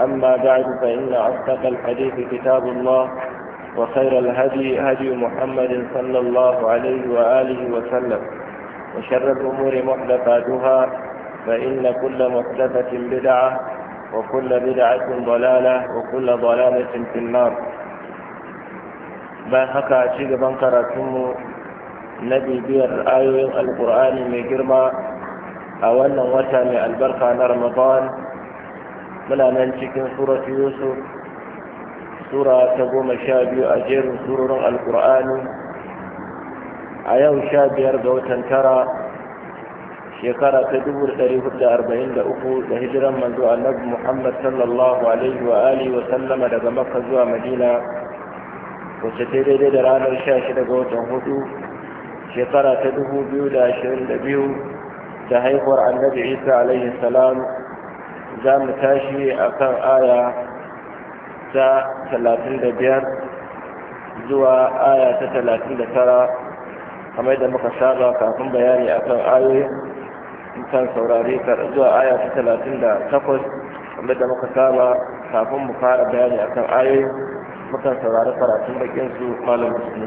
أما بعد فإن أصدق الحديث كتاب الله وخير الهدي هدي محمد صلى الله عليه وآله وسلم وشر الأمور محدثاتها فإن كل محدثة بدعة وكل بدعة ضلالة وكل ضلالة في النار ما حكى شيء بنكرتم نبي بير آيو القرآن من جرما أولا وتا من البركة رمضان muna nan cikin suratu yusuf sura ta goma sha biyu a jerin surorin alkur'ani a yau sha biyar ga watan tara shekara ta dubu da ɗari hudu da arba'in da uku da hijiran manzo annabi muhammad sallallahu alaihi wa alihi wa sallama daga makka zuwa madina wacce ta daidai da ranar sha shida ga watan hudu shekara ta dubu biyu da ashirin da biyu da haihuwar annabi isa alaihi salam za mu tashi a kan aya ta 35 zuwa aya ta talatin da kamar da muka saba kafin bayani a kan ayoyi kan saurari zuwa aya ta talatin da takwas kamar da muka saba kafin mu fara bayani a kan ayoyi mukan saurari karatun bakin su malam musulmi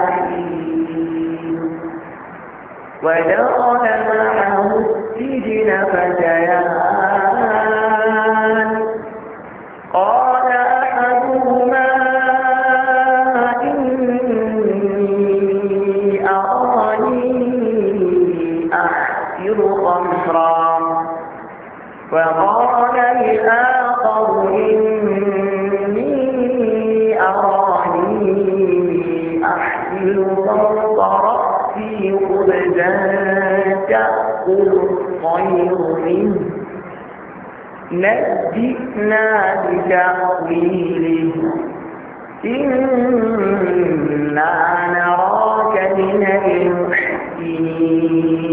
ودخل معه السجن فتيان إنا بتأويله إنا نراك من المحسنين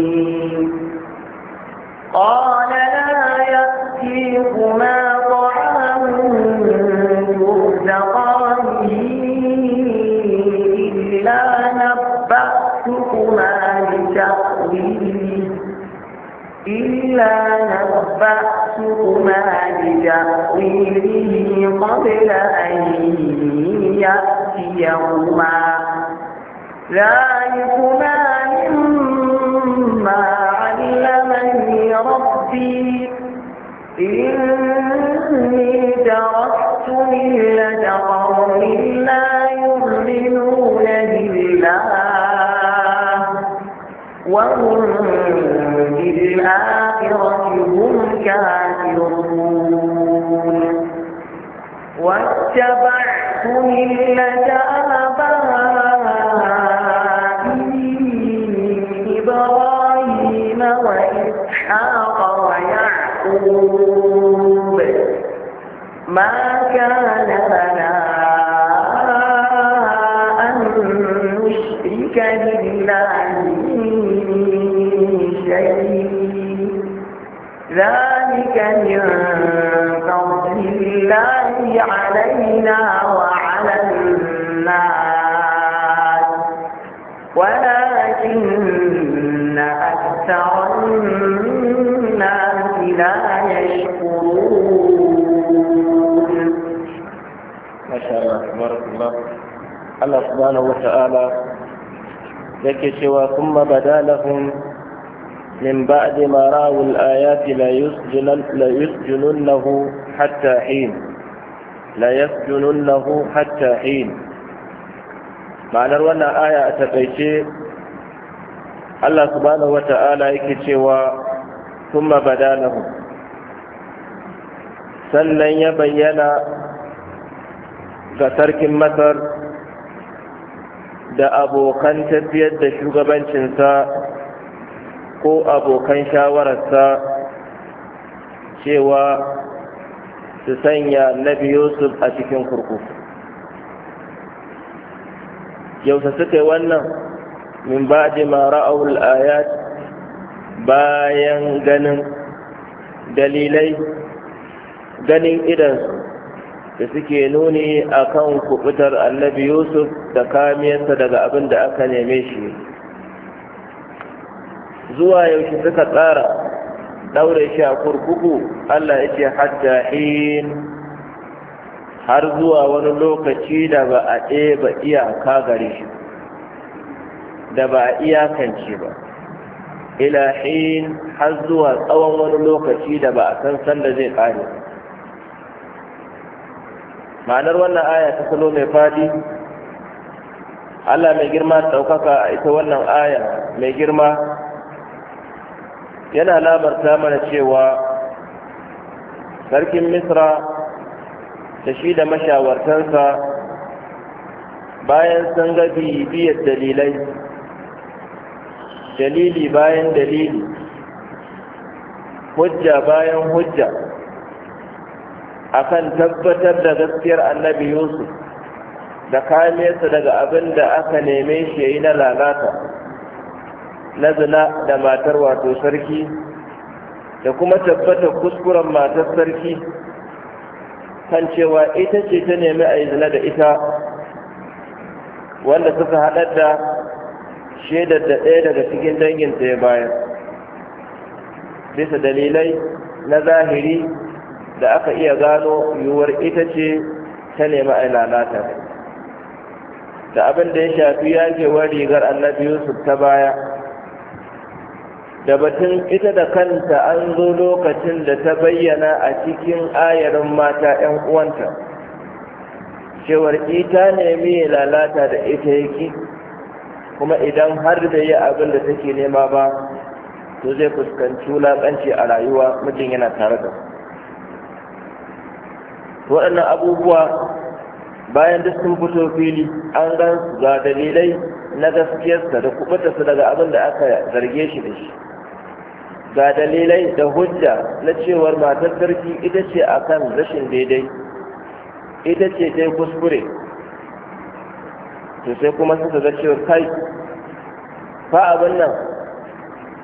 يوما ذلكما مما علمني ربي إني تركت ملة قوم لا يؤمنون بالله وهم بالآخرة هم كافرون واتبعت ملة آبائي إبراهيم وإسحاق ويعقوب ما كان ولكن أكثر الناس لا يشكرون ما شاء الله تبارك الله الله سبحانه وتعالى ذكي سوى ثم بدا لهم من بعد ما رأوا الآيات لا يسجننه حتى حين لا يسجننه حتى حين ma'anar wannan aya ta taƙaice Allah subhanahu wata'ala yake cewa kuma badalahu sannan ya bayyana ga sarkin masar da abokan tafiyar da shugabancinsa ko abokan shawararsa cewa su sanya nabi yusuf a cikin kurkuku yausa suka yi wannan min ba da mara'awul ayat bayan ganin dalilai ganin idan da suke nuni a kan kubutar annabi yusuf da kamiyarsa daga abin da aka neme shi zuwa yaushe suka tsara daure shi a kurkuku allah ya ce hajjahin har zuwa wani lokaci da ba a ɗeba iyaka gare shi da ba a iyakance ba ilahin har zuwa tsawon wani lokaci da ba a san sanda zai ƙare ma'anar wannan aya ta salo mai faɗi. allah mai girma ɗaukaka a ita wannan aya mai girma yana labarta mana cewa sarkin misra da shi da mashawartansa bayan sun ga biyar dalilai dalili bayan dalili hujja bayan hujja akan tabbatar da gaskiyar annabi yusuf da kamesa daga abin da aka neme shi yi na lalata na zina da matar wato sarki da kuma tabbatar kuskuren matar sarki kan cewa ita ce ta nemi a yi zina da ita wanda suka haɗar da shaidar da ɗaya daga cikin danginta ya bayar bisa dalilai na zahiri da aka iya gano yiwuwar ita ce ta nemi a lalata da abin da ya shafi yagewar rigar annabi yusuf ta baya da batun ita da kanta an zo lokacin da ta bayyana a cikin ayarin mata 'yan uwanta cewar ita nemi lalata da ita yake kuma idan har da yi abin da take nema ba to zai fuskanci wulaƙanci a rayuwa mijin yana tare da waɗannan abubuwa bayan duk sun fito fili an gan ga dalilai na gaskiyarsa da su daga abin da aka zarge shi da shi ga dalilai da hujja na cewar matar sarki ita ce akan rashin daidai ita ce ta kuskure to sai kuma suka ga cewar kai fa abin nan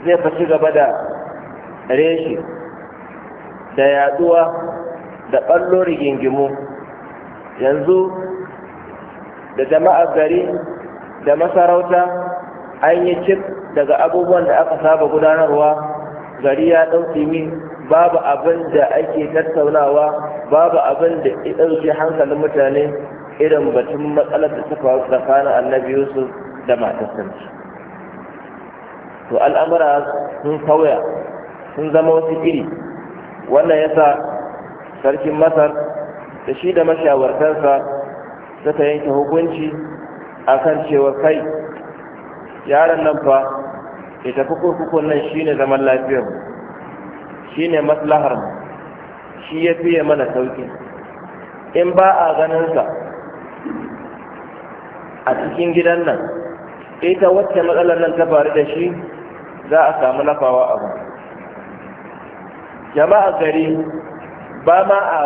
zai fa ci gaba da reshi da yaduwa da ɓallo rigingimu yanzu da jama'ar gari da masarauta an yi cik daga abubuwan da aka saba gudanarwa gari ya ɗauke min babu abin da ake tattaunawa babu abin da ya ɗauke hankalin mutane irin batun matsalar da suka tsakanin annabi yusuf da matarsa to al'amura sun sauya sun zama wasu iri wannan ya sa sarkin masar da shi da mashawartarsa suka yanke hukunci akan cewa kai yaran nan fa ya tafi kurkukun nan shine zaman lafiyar shine maslahar mu shi ya fiye mana sauki in ba a ganinsa a cikin gidan nan ita wacce matsalar nan ta faru da shi za a samu a abu jama'a gari ba ma a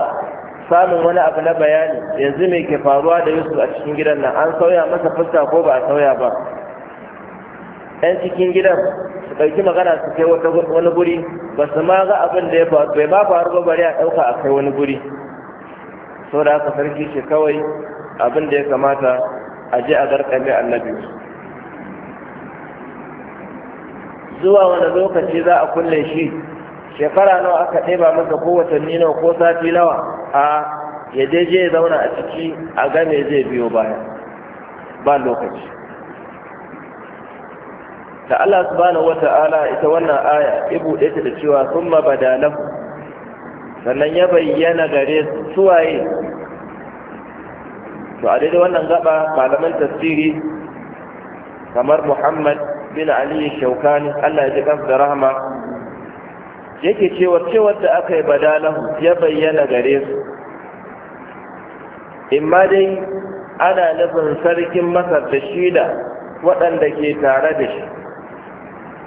samun wani abu na bayani yanzu mai ke faruwa da yusuf a cikin gidan nan an sauya masa fuska ko ba a sauya ba Yan cikin gidan su ɗauki magana su kai wani guri ba su ma ga abin da ya bai ma faru ba bari a ɗauka a kai wani guri sau da aka sarki shi kawai abin da ya kamata a je a garkame annabi zuwa wani lokaci za a kulle shi shekara nawa aka ɗeba masa ko watanni nawa ko sati nawa a ya je zauna a ciki a game zai biyo baya ba lokaci da Allah subhanahu Ta'ala, ita wannan aya ya buɗe ta da cewa sun mabadalan sannan ya bayyana gare su suwaye to a daidai wannan gaba malaman tafsiri kamar muhammad bin ali shaukani Allah ya ji kansu da rahama yake cewa cewar da aka yi badalahu ya bayyana gare su imma dai ana nufin sarkin masar da shida waɗanda ke tare da shi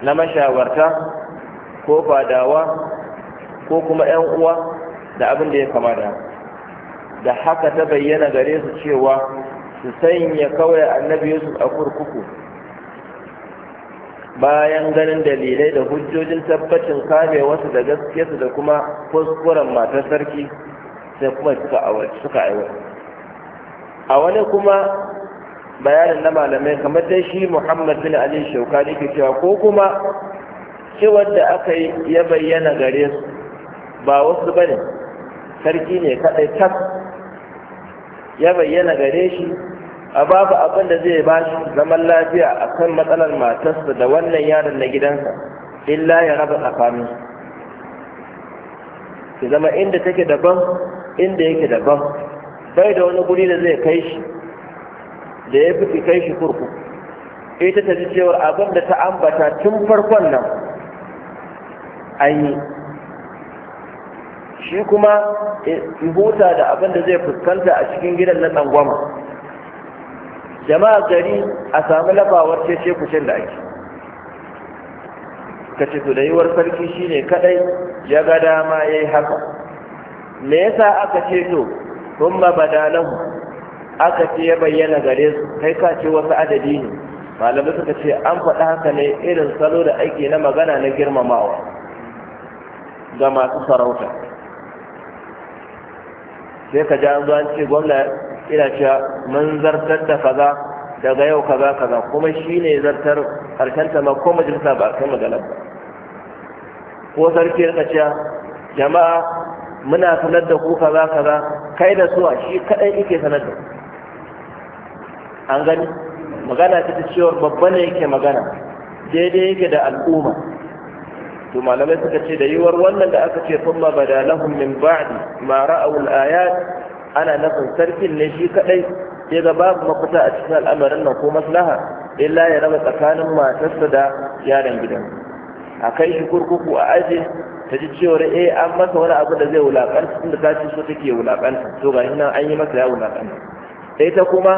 na mashawarta ko fadawa ko kuma 'yan uwa da abin da ya kama da da haka ta bayyana gare su cewa su sanya kawai annabi yusuf a kurkuku bayan ganin dalilai da hujjojin tabbacin kame wasu da su da kuma kuskuren matar sarki sai kuma suka aiwata a wani kuma bayanin na malamai kamar dai shi muhammad bin ali shaukani ke cewa ko kuma ciwon da aka yi ya bayyana gare su ba wasu ba ne sarki ne kadai tak ya bayyana gare shi a babu abin da zai ba shi zaman lafiya akan kan matsalar matarsa da wannan yaron na gidansa illa ya raba tsakanin su zama inda take daban inda yake daban bai da wani guri da zai kai shi da ya fi kai shi kurku ita ta ji cewar abin da ta ambata tun farkon nan an yi shi kuma eh, huta da abin da zai fuskanta a cikin gidan na tsangwama jama'a gari a sami labawar ce kucin da ake ka ce su da yiwuwar sarki shine kadai ya ga dama ya yi haka me yasa aka ce to da mabadalahu aka ce ya bayyana gare su kai ka ce wasu adadi ne malamai suka ce an faɗi haka ne irin salo da ake na magana na girmamawa ga masu sarauta sai ka ji an zo an ce gwamna ina cewa mun zartar da kaza daga yau kaza kaza kuma shi ne zartar harshen ta ma ko majalisa ba a kai magana ba ko sarki rika cewa jama'a muna sanar da ku kaza kaza kai da suwa shi kaɗai ike sanar da ku an gani magana ta ta cewar babba ne yake magana daidai yake da al'umma to malamai suka ce da yiwuwar wannan da aka ce kuma bada min ba'di ma ra'aw al-ayat ana nufin sarkin ne shi kadai sai ga babu mafita a cikin al'amarin nan ko maslaha illa ya raba tsakanin matarsa da yaron gidan a kai shi kurkuku a aje ta ji cewar eh an masa wani abu da zai wulakanta tunda ta ce so take wulakanta to ga nan an yi masa ya wulakanta sai ta kuma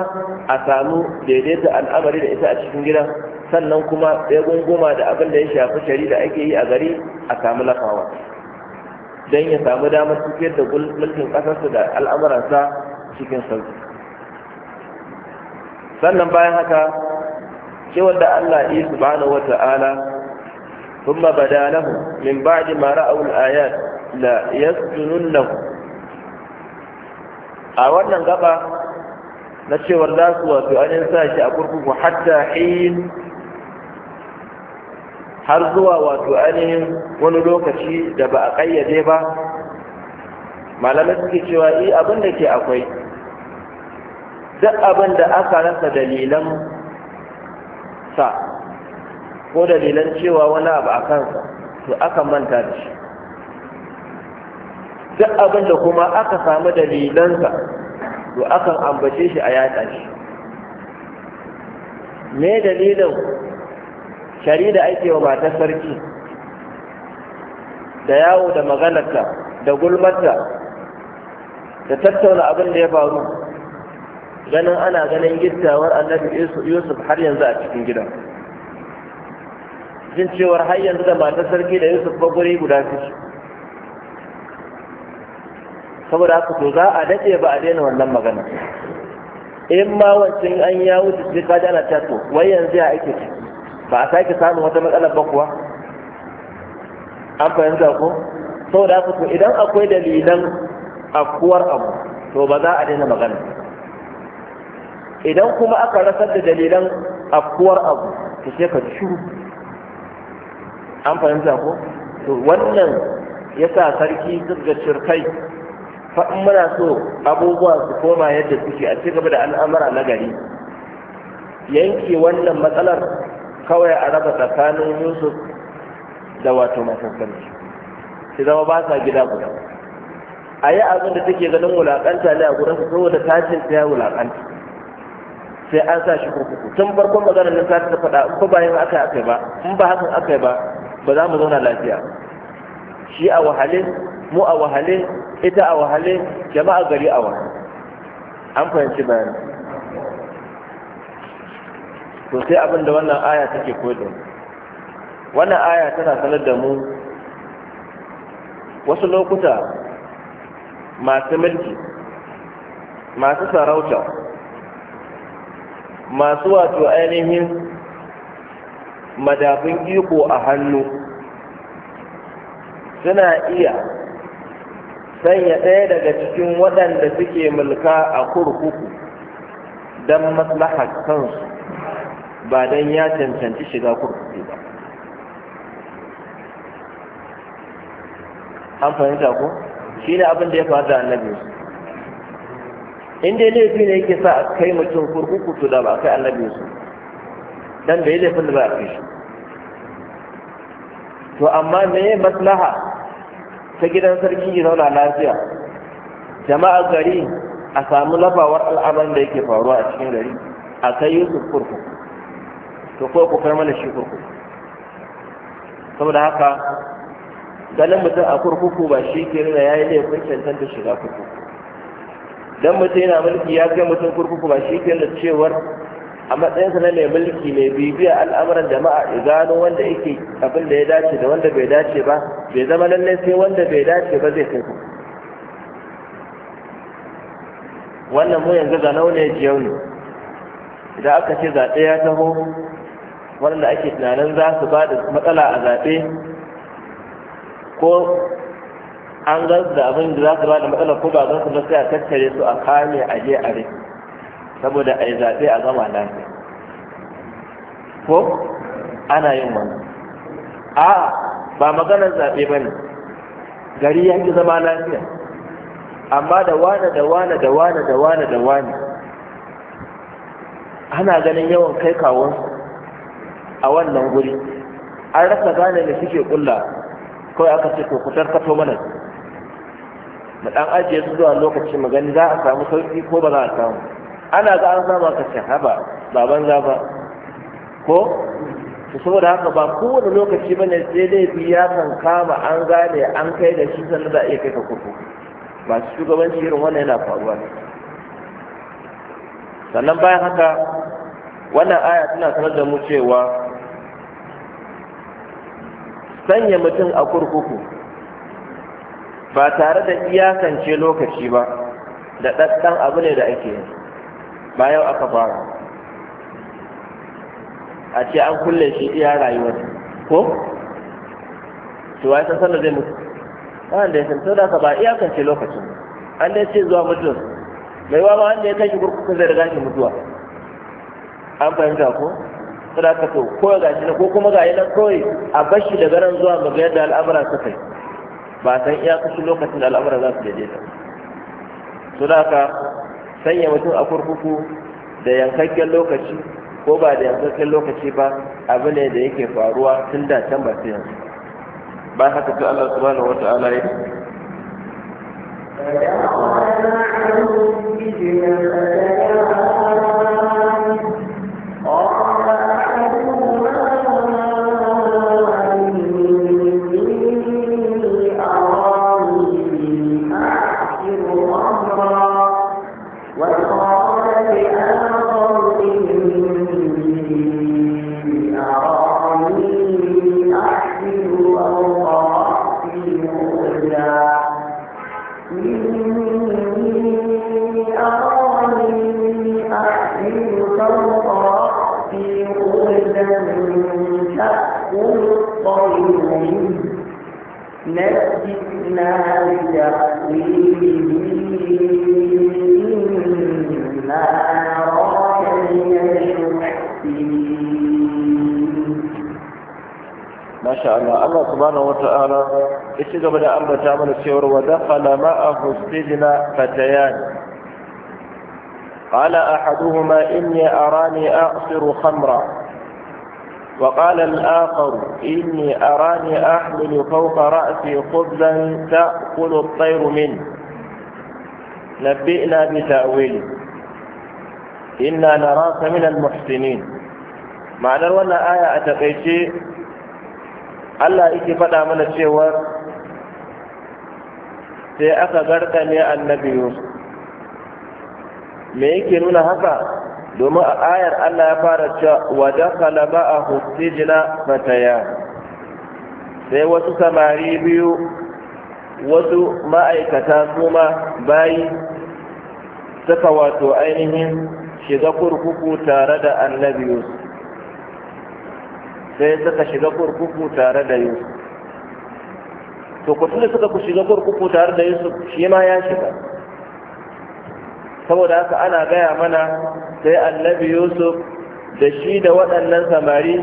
a samu daidaita al'amari da ita a cikin gida sannan kuma ya gunguma da abin da ya shafi shari da ake yi a gari a samu lafawa don ya samu damar tafiyar da mulkin ƙasarsa da al'amuransa cikin sauki sannan bayan haka cewar da Allah iya subhanahu wa ta'ala ثم بدا لهم من mara ما ayat الآيات لا يسجننه a wannan gaba na cewar za su wato an sa shi a kurkuku hatta hin har zuwa wato ainihin wani lokaci da ba a ƙayyade ba malamai suke cewa i eh, abin da ke akwai duk abin da aka rasa dalilan sa ko dalilan cewa wani abu a kansa to aka manta da shi duk abin da kuma aka samu dalilansa to akan ambace shi a yaƙa shi me dalilin sharida da ake wa mata sarki da yawo da maganarta da gulmarta da tattauna abin da ya faru ganin ana ganin gittawar annabi yusuf har yanzu a cikin gida jin cewar har yanzu da matar sarki da yusuf ba guri guda fi saboda haka to za a daɗe ba a daina wannan magana in ma wancan an ya wuce sai ka ji ana ta to wai yanzu ya ake ciki ba a sake samun wata matsalar ba kuwa an fahimta ko saboda haka to idan akwai dalilan afkuwar abu to ba za a daina magana idan kuma aka rasar da dalilan afkuwar abu to sai ka shuru an fahimta ko to wannan ya sa sarki duk da shirkai in muna so abubuwa su koma yadda suke a cikin da al'amura na gari yanke wannan matsalar kawai a raba tsakanin yusuf da wato masassarci su zama ba sa gida guda a yi abin da take ganin wulaƙanta ne a gurin su saboda tashin ta ya wulaƙanta sai an sa shi kurkuku tun farkon maganar nan ta ta faɗa ko bayan aka aka ba in ba hakan aka ba ba za mu zauna lafiya shi a wahale mu a wahale ita a wahale jama'a gari a wahale an fahimci bayan to sai abin da wannan aya take koyar wannan aya tana sanar da mu wasu lokuta masu mulki masu sarauta masu wato ainihin madafin iko a hannu suna iya sanya ɗaya daga cikin waɗanda suke mulka a kurkuku don maslahar kansu ba don ya cancanci shiga kurkuku ba an fahimta ko shi ne abin da ya faru da annabi in dai laifi ne yake sa a kai mutum kurkuku to da ba a kai annabi su dan bai fi da ba a kai shi to amma me maslaha ta gidan sarki ya zauna lafiya jama'a gari a samu lafawar al'aban da yake faruwa a cikin gari a kai yusuf kurku to ko ku kai mana shi kurku saboda haka ganin mutum a kurkuku ba shi ke nuna ya yi laifin ta shiga kurkuku dan mutum yana mulki ya kai mutum kurkuku ba shi ke nuna cewar a matsayinsa na mai mulki mai bibiya al'amuran jama'a ya gano wanda yake abin da ya dace da wanda bai dace ba bai zama lallai sai wanda bai dace ba zai kai wannan mu yanzu zanau ne jiyau ne idan aka ce zaɓe ya taho wanda ake tunanin za su ba da matsala a zaɓe ko an su da abin da za su ba da matsala ko ba gansu ba sai a tattare su a kame a je a rai saboda a yi zaɓe a gama lafiya ko ana yin wannan a ba maganar zaɓe ba ne gari ya ki zama lafiya amma da wane da wane da wane da wane da wane ana ganin yawan kai kawon a wannan guri an rasa gane da suke kulla kawai aka ce ko kusan kato mana mu dan ajiye su zuwa lokaci mu gani za a samu sauki ko ba za a samu ana ga an zama ka ce haba ba banza ba ko saboda haka ba kowane lokaci ba ne sai bi ya kan kama an gane an kai da shi sannan za a iya kai ka kuku ba su shugabanci irin wannan yana faruwa ne sannan bayan haka wannan aya tana sanar da mu cewa sanya mutum a kurkuku ba tare da iyakance lokaci ba da ɗaɗɗan abu ne da ake yi ba yau aka fara a ce an kulle shi iya rayuwar ko to wai san sallar zai mutu da ya san to da ka ba iyakance lokacin an ya ce zuwa mutuwar mai wa ma wanda ya kai shi kurkuku zai riga shi mutuwa an fahimta ko suna ka to ko ga shi ko kuma ga yana kawai a bashi da ganin zuwa ga yadda al'amura suka kai. ba san iya kashi lokacin da al'amura za su daidaita Suna da ka sanya mutum a kurkuku da yankakken lokaci ko ba da yankakken lokaci ba abu ne da yake faruwa tun da can ba su yanzu ba haka ta Allah subhanahu wata'ala ya فدعا معهم نجنا بتأويله إنا أراك من المحسنين ما شاء الله الله سبحانه وتعالى استجاب لأمر تعمل السيور ودخل معه السجن فتيان قال أحدهما إني أراني أعصر خمرا وقال الآخر إني أراني أحمل فوق رأسي خبزا تأكل الطير منه نبئنا بتأويله إنا نراك من المحسنين معنى وانا آية أتقيتي Allah yake faɗa mana cewar sai aka garka ne annabi Yusuf me yake nuna haka domin a ayar Allah ya fara cewa wa dakhala ma'ahu sijna fatayan sai wasu samari biyu wasu ma'aikata kuma bayi suka wato ainihin shiga kurkuku tare da annabi Yusuf sai suka shiga kurkuku tare da Yusuf to kutun da suka ku shiga kurkuku tare da Yusuf shi ma ya shiga saboda haka ana gaya mana sai annabi yusuf da shi da waɗannan samari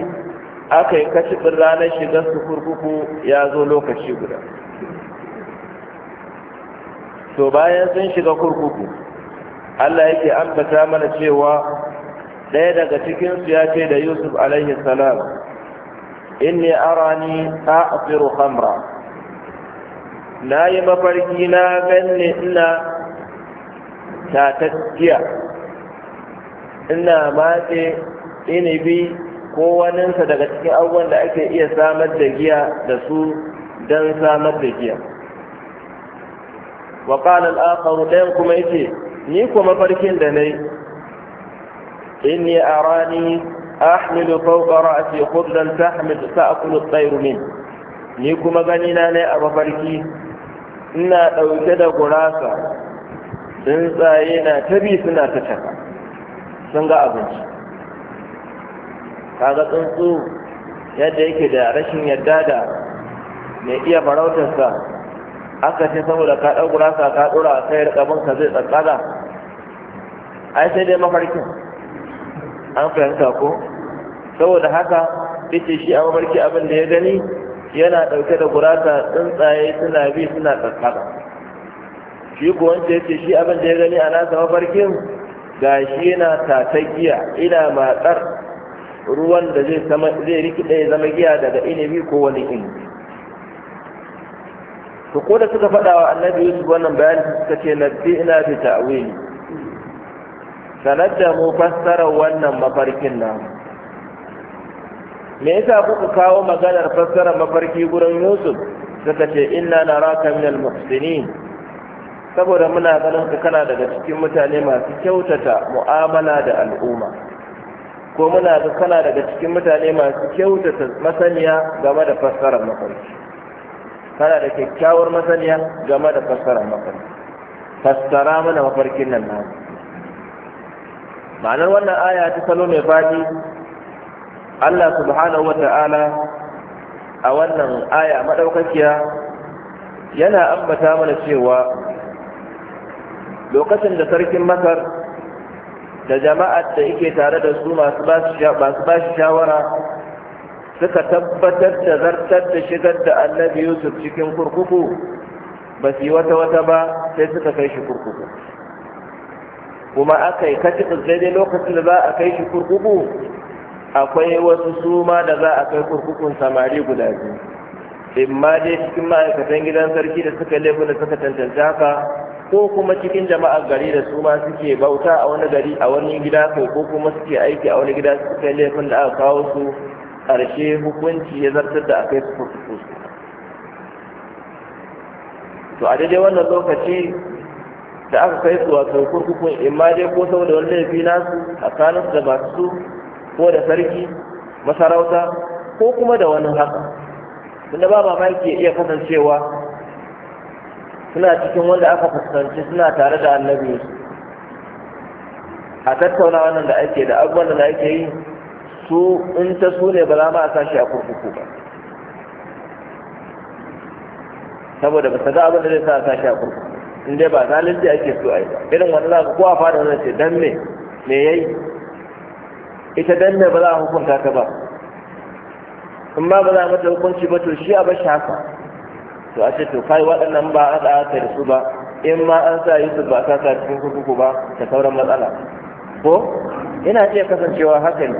aka yi kashifin ranar shigar su kurkuku ya zo lokaci guda to bayan sun shiga kurkuku allah yake ambata mana cewa ɗaya daga cikinsu ya ce da yusuf alaihi salam inni arani a afiru hamra na yi mafarki na ganni ina tatacciya ina matse inibi ko waninsa daga cikin abubuwan da ake iya samar da giya da su don samar da giya wa ƙanan akaru ɗayan kuma yake ni kuma farkin da na yi inni a rani ahmilu fauka ra'asi khudran tahmil sa'akulu tsairu min ni kuma gani na ne a mafarki ina ɗauke da gurasa tsuntsaye na ta bi suna ta caka sun ga abinci kaga tsuntsu yadda yake da rashin yadda da mai iya farautarsa aka ce saboda ka ɗau gurasa ka ɗora a kai rikabin ka zai tsatsada ai sai dai mafarkin an fahimta ko saboda haka ita shi a mafarki abin da ya gani yana ɗauke da gurasa tsuntsaye suna bi suna tsatsada shi ko wanda yace shi abin da ya gani a nasa mafarkin gashi yana tatagiya ina matsar ruwan da zai riki zai zama giya daga inabi ko wani inabi to ko da suka faɗa wa annabi yusuf wannan bayani suka ce nabbi ina fi ta'wili sanar da mu fassara wannan mafarkin na. me yasa kuka kawo maganar fassarar mafarki gurin yusuf suka ce inna naraka minal muhsinin saboda muna ganin ka kana daga cikin mutane masu kyautata mu'amala da al'umma ko muna ga kana daga cikin mutane masu kyautata masaniya game da fassarar mafarki kana da kyakkyawar masaniya game da fassarar mafarki fassara mana mafarkin nan na ma'anar wannan aya ta salo mai fadi Allah subhanahu wa ta'ala a wannan aya madaukakiya yana ambata mana cewa lokacin da sarkin masar da jama'ar da yake tare da su masu ba shi shawara suka tabbatar da zartar da shigar da annabi yusuf cikin kurkuku ba su yi wata wata ba sai suka kai shi kurkuku kuma aka yi kaci daidai lokacin da za a kai shi kurkuku akwai wasu suma da za a kai kurkukun samari guda biyu in dai cikin ma'aikatan gidan sarki da suka laifin da suka tantance haka ko kuma cikin jama'ar gari da su ma suke bauta a wani gari a wani gida ko ko kuma suke aiki a wani gida suke kai laifin da aka kawo su ƙarshe hukunci ya zartar da aka yi su kurkuku to a daidai wannan lokaci da aka kai su wato kurkukun in ma dai ko saboda wani laifi nasu a kanin da masu ko da sarki masarauta ko kuma da wani haka tunda ba mamaki ya iya kasancewa suna cikin wanda aka fuskanci suna tare da annabi a tattauna wannan da ake da abubuwan da ake yi su in ta su ne ba za ma a sashi a kurkuku ba saboda ba su ga abin da zai sa a sashi a kurkuku in dai ba zalunci ake so a yi irin wani za ka kowa fara zai ce dan me me yi? ita dan me ba za a hukunta ta ba in ma ba za a mata hukunci ba to shi a bashi haka to a ce to kai waɗannan ba a da ta da su ba in ma an sa Yusuf ba a sa cikin kurkuku ba da sauran matsala ko ina ce kasancewa haka ne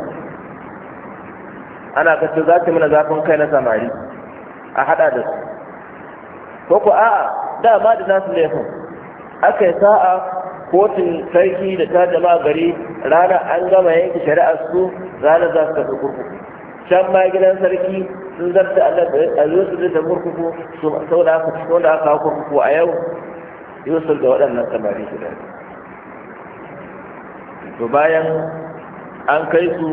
ana kasance za ta mana zafin kai na samari a hada da su ko ko a'a da ma da nasu laifin aka yi sa'a kotun sarki da ta jama'a gari rana an gama yanke shari'ar su rana za su tafi kurkuku can ma gidan sarki sun zarta a yusuf da kurkuku sau da aka hau kurkuku a yau yusuf da waɗannan samari guda to bayan an kai su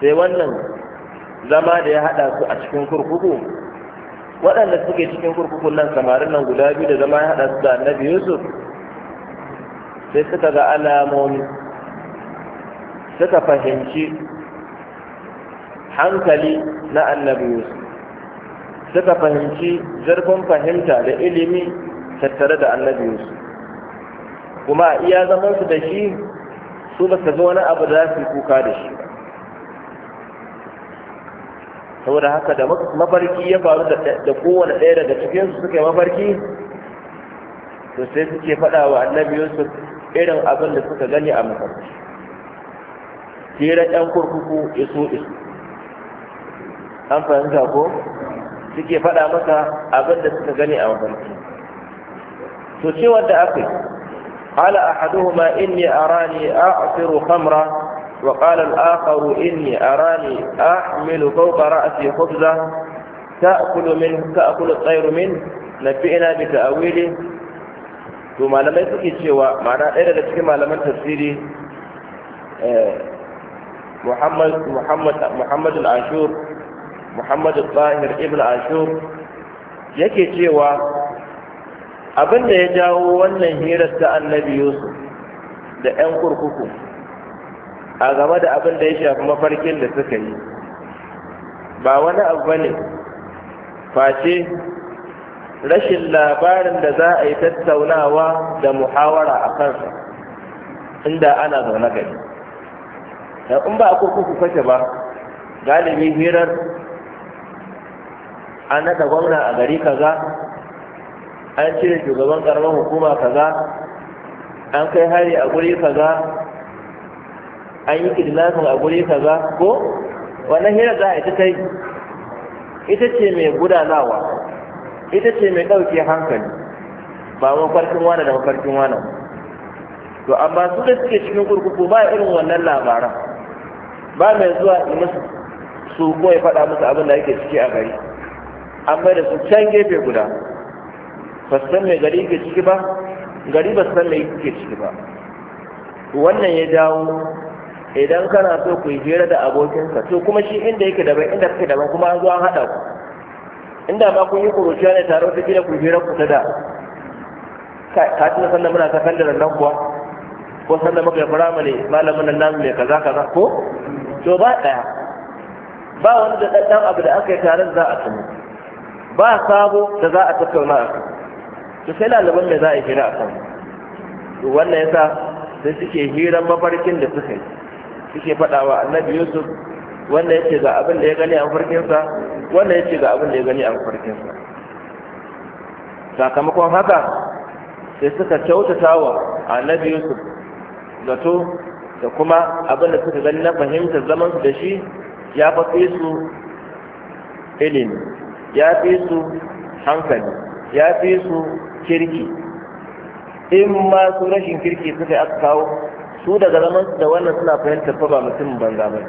sai wannan zama da ya haɗa su a cikin kurkuku waɗanda suke cikin kurkuku nan samarin nan guda biyu da zama ya haɗa su da annabi yusuf sai suka ga alamomi suka fahimci hankali na annabi yusuf suka fahimci zarfin fahimta da ilimi tattare da annabi yusuf kuma iya zaman su da shi su ba su ga wani abu da su kuka da shi saboda haka da mafarki ya faru da kowane ɗaya daga cikinsu suka yi mafarki to sai suke faɗa wa annabi yusuf irin abin da suka gani a mafarki hira 'yan kurkuku iso iso an fahimta ko suke faɗa masa abin da suka gani a mafarki to cewar da aka yi قال أحدهما إني أراني أعصر خمرا وقال الآخر إني أراني أحمل فوق رأسي خبزة تأكل منه تأكل الطير منه نبئنا بتأويله to malamai suke cewa ma'ana ɗaya daga cikin malaman tafsiri eh, Muhammad Muhammad Muhammad muhammadu tsahir ibn ashur yake cewa abinda ya jawo wannan hirar ta annabi yusuf da 'yan kurkuku a game da abin da ya shafi mafarkin da suka yi ba wani abu ba ne face rashin labarin da za a yi tattaunawa da muhawara a kansa inda ana zaune gari da in ba a kurkuku kake ba galibi hirar an naɗa gwamna a gari kaza an cire shugaban karamar hukuma kaza an kai hari a guri kaza an yi kidnapping a guri kaza ko wannan hira za a ita ta yi ita ce mai gudanawa ita ce mai ɗauke hankali ba mafarkin wane da mafarkin wane to amma su da suke cikin kurkuku ba irin wannan labaran ba mai zuwa su ko ya faɗa musu abin da yake ciki a gari an da su can gefe guda ba su san mai gari ke ciki ba gari ba su san mai ke ciki ba wannan ya dawo idan kana so ku yi hira da abokinsa to kuma shi inda yake daban inda kake daban kuma an zo an haɗa ku inda ma kun yi kuruciya ne tare da gida ku hira ku ta da ka tuna sannan muna sakandaren nan kuwa ko sannan muka yi firamare malamin nan namu mai kaza kaza ko to ba ɗaya ba wani da ɗan abu da aka yi tare da za a tuno ba sabo da za a tattauna a to sai lalaban mai za a hira a kan to wannan yasa sai suke hiran mafarkin da suka yi suke faɗawa annabi yusuf wannan yake ga abin da ya gani a farkinsa wannan yake ga abin da ya gani a farkinsa sakamakon haka sai suka kyautata wa annabi yusuf zato da kuma abin da suka gani na fahimtar zaman su da shi ya fafi su ilimi ya fi su hankali ya fi su kirki in ma su rashin kirki suka aka kawo su daga zaman su da wannan suna fahimtar fa ba mutum banza ba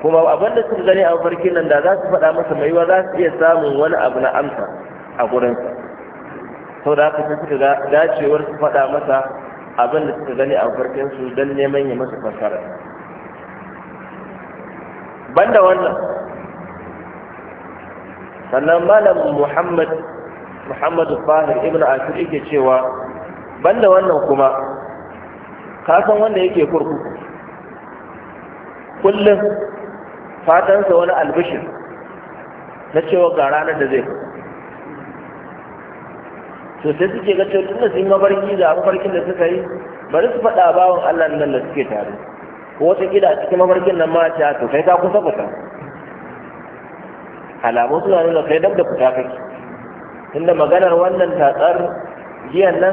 kuma abin da suka gani a farkin nan da za su faɗa masa maiwa za su iya samun wani abu na amsa a gurinsa sau da haka sai suka dacewar su faɗa masa abin da suka gani a farkin su don neman ya masa fasara banda wannan sannan malam muhammad muhammadu fahir ibn asir yake cewa banda wannan kuma kasan wanda yake kurkuku kullum fatansa wani albishir na cewa ga ranar da zai fita to sai suke ga cewa tunda sun mafarki da mafarkin da suka yi bari su faɗa bawan Allah nan da suke tare ko wata gida a cikin mafarkin nan ma ta to kai ka kusa kusa kalamu suna nuna kai dab da fita kake tunda maganar wannan tatsar giyan nan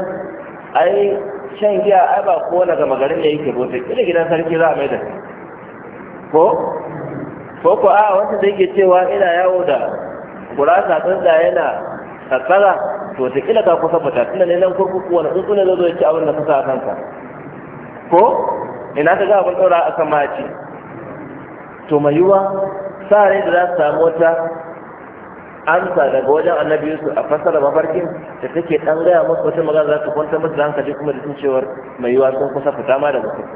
ai shan giya ai ba na gama garin da yake bote, ina gidan sarki za a mai da ko ko ko a wanda da yake cewa ina yawo da gurasa da yana tsatsara to ta kila ka kusa fita tunda ne nan kurkuku wani tsuntsu ne zo ya ci abin da kusa a kanka ko ina ta ga abin ɗaura a kan maci to mai yiwa sa da za su samu wata amsa daga wajen annabi su a fasara mafarkin da take dan gaya musu wata magana za ta kwanta musu da hankali kuma da sun cewar mai yiwuwa sun kusa fita ma da mutum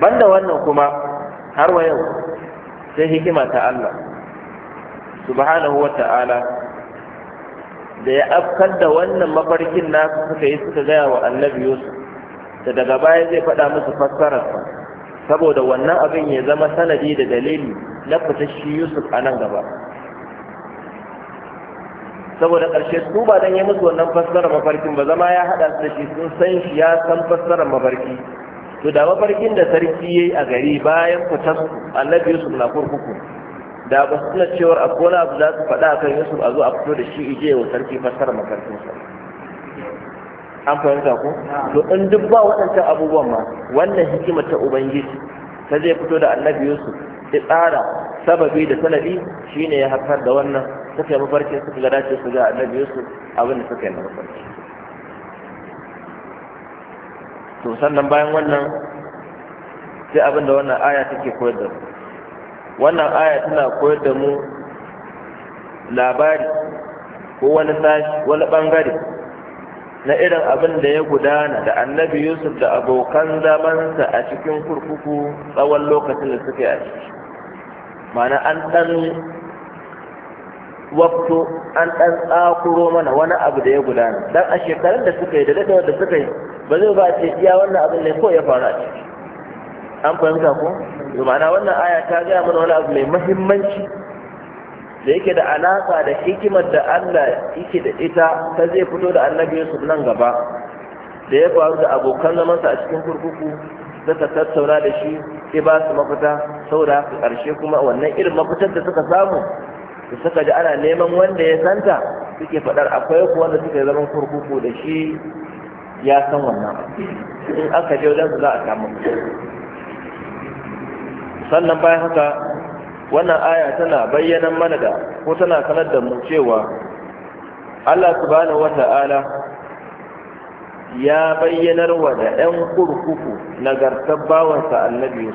banda wannan kuma har wa yau sai hikima ta Allah subhanahu wa ta'ala da ya afkar da wannan mafarkin na suka yi suka gaya wa annabi yusuf da daga baya zai faɗa musu fassararsa saboda wannan abin ya zama sanadi da dalili na fita yusuf a nan gaba saboda ƙarshe su ba don ya musu wannan fassarar mafarkin ba zama ya haɗa su shi sun san shi ya san fassarar mafarki to da mafarkin da sarki ya yi a gari bayan fitar annabi yusuf na kurkuku da ba su tuna cewar akwai abu za su faɗa akan yusuf a zo a fito da shi ije wa sarki fassarar mafarkinsa an fahimta ku? to in duk ba waɗancan abubuwan ma wannan hikimar ta ubangiji ta zai fito da annabi yusuf ta tsara sababi da sanadi shine ya haifar da wannan suka yi mafarki suka ga dace su ga annabi yusuf abin da suka yi mafarki to sannan bayan wannan sai abin da wannan aya take koyar da mu wannan aya tana koyar da mu labari ko wani sashi wani bangare na irin abin da ya gudana da annabi yusuf da abokan zamansa a cikin kurkuku tsawon lokacin da suke a ciki mana an ɗan wakto an ɗan tsakuro mana wani abu da ya gudana don a shekarun da suka yi da daɗewar da suka yi ba zai ba ce iya wannan abin ne ko ya faru a ciki an fahimta ko ma'ana wannan aya ta gaya mana wani abu mai mahimmanci da yake da alaƙa da hikimar da Allah yake da ita ta zai fito da annabi Yusuf nan gaba da ya faru da abokan zamansa a cikin kurkuku suka tattauna da shi sai ba su mafita saboda ƙarshe kuma wannan irin mafitar da suka samu da suka ji ana neman wanda ya santa suke faɗar akwai wanda wanda suka zaman kurkuku da shi ya san wannan in aka je wajen su za a samu sannan bayan haka wannan aya tana bayyana mana da ko tana sanar da mu cewa Allah subhanahu wata'ala ya bayyanar wa da ɗan kurkuku nagartar bawansa annabi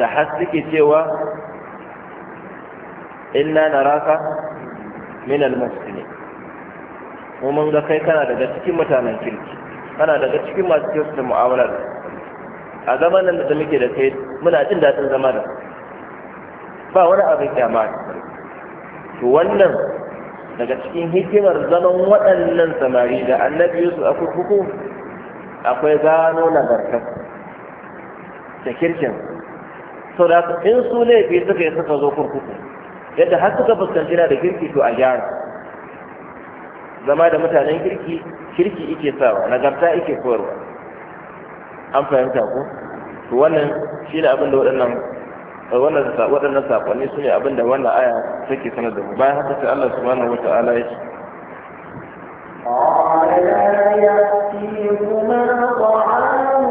da haske cewa inna naraka min almuslimin mu mun ga kai kana daga cikin mutanen kirki kana daga cikin masu kyautar mu'amala a zaman nan da muke da kai muna jin daɗin zama da ba wani abin kyama to wannan daga cikin hikimar zaman waɗannan samari da annabi yusuf a kurkuku akwai gano nagartar da kirkin sau da in su laifi suka yi suka zo kurkuku yadda har suka fuskanci na da kirki to a gyara zama da mutanen kirki kirki ike sawa nagarta ike koyarwa an fahimta ko to wannan shi ne abin da waɗannan wannan waɗannan saƙonni su ne abin da wannan aya take sanar da mu bayan haka sai Allah subhanahu wata'ala ya ce قال لا يأتيكما طعام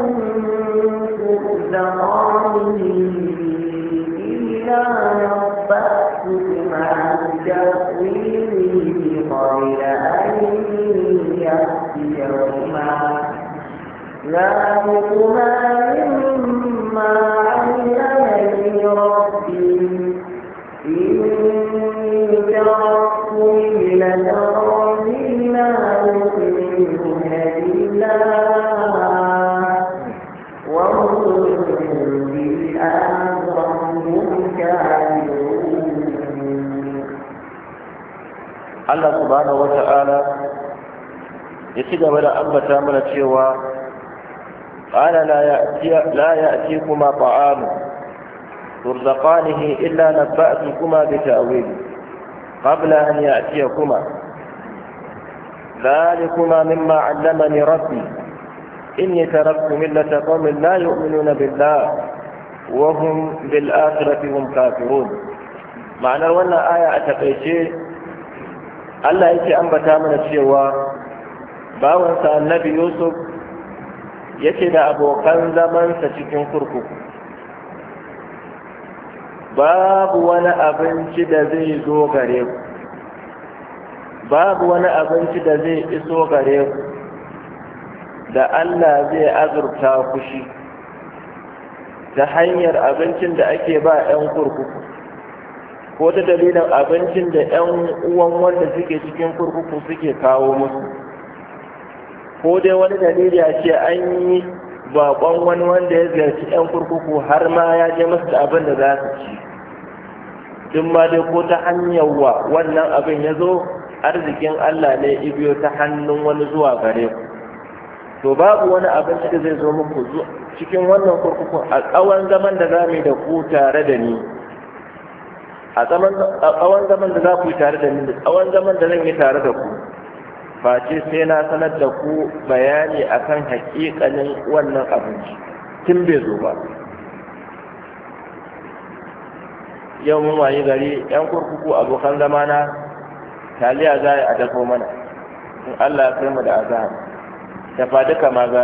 نابقنا مما علمني ربي إني تركت ملة ربي لا يؤمنون بالله وهم بالآخرة كافرون الله سبحانه وتعالى ya ci gaba da ambata mana cewa قال لا, يأتي لا يأتيكما طعام ترزقانه إلا نبأتكما بتأويله قبل أن يأتيكما ذلكما مما علمني ربي إني تركت ملة قوم لا يؤمنون بالله وهم بالآخرة هم كافرون معنى wannan آية أتقيشي ألا Allah أنبتا من الشيوار cewa النبي يوسف yake da abokan zamansa cikin kurkuku babu wani abinci da zai zo gare ku babu wani abinci da zai iso gare ku da Allah zai azurta ku shi ta hanyar abincin da ake ba 'yan kurkuku ko ta dalilin abincin da 'yan uwan wanda suke cikin kurkuku suke kawo musu ko dai wani dalili a ce an yi baƙon wani wanda ya ziyarci 'yan kurkuku har ma ya je masu da abin da za su ci tun ma dai ko ta hanyar wa wannan abin ya zo arzikin Allah ne ibiyo ta hannun wani zuwa gare ku to babu wani abinci da zai zo muku cikin wannan kurkukun a tsawon zaman da za mu da ku tare da ni a tsawon zaman da za ku yi tare da ni da tsawon zaman da zan yi tare da ku face sai na sanar da ku bayani akan haƙiƙanin wannan abinci tun bai zo ba yau mun wani gari yan kurkuku abokan na taliya za a dafo mana in allah ya kai mu da azahar dafa duka ma za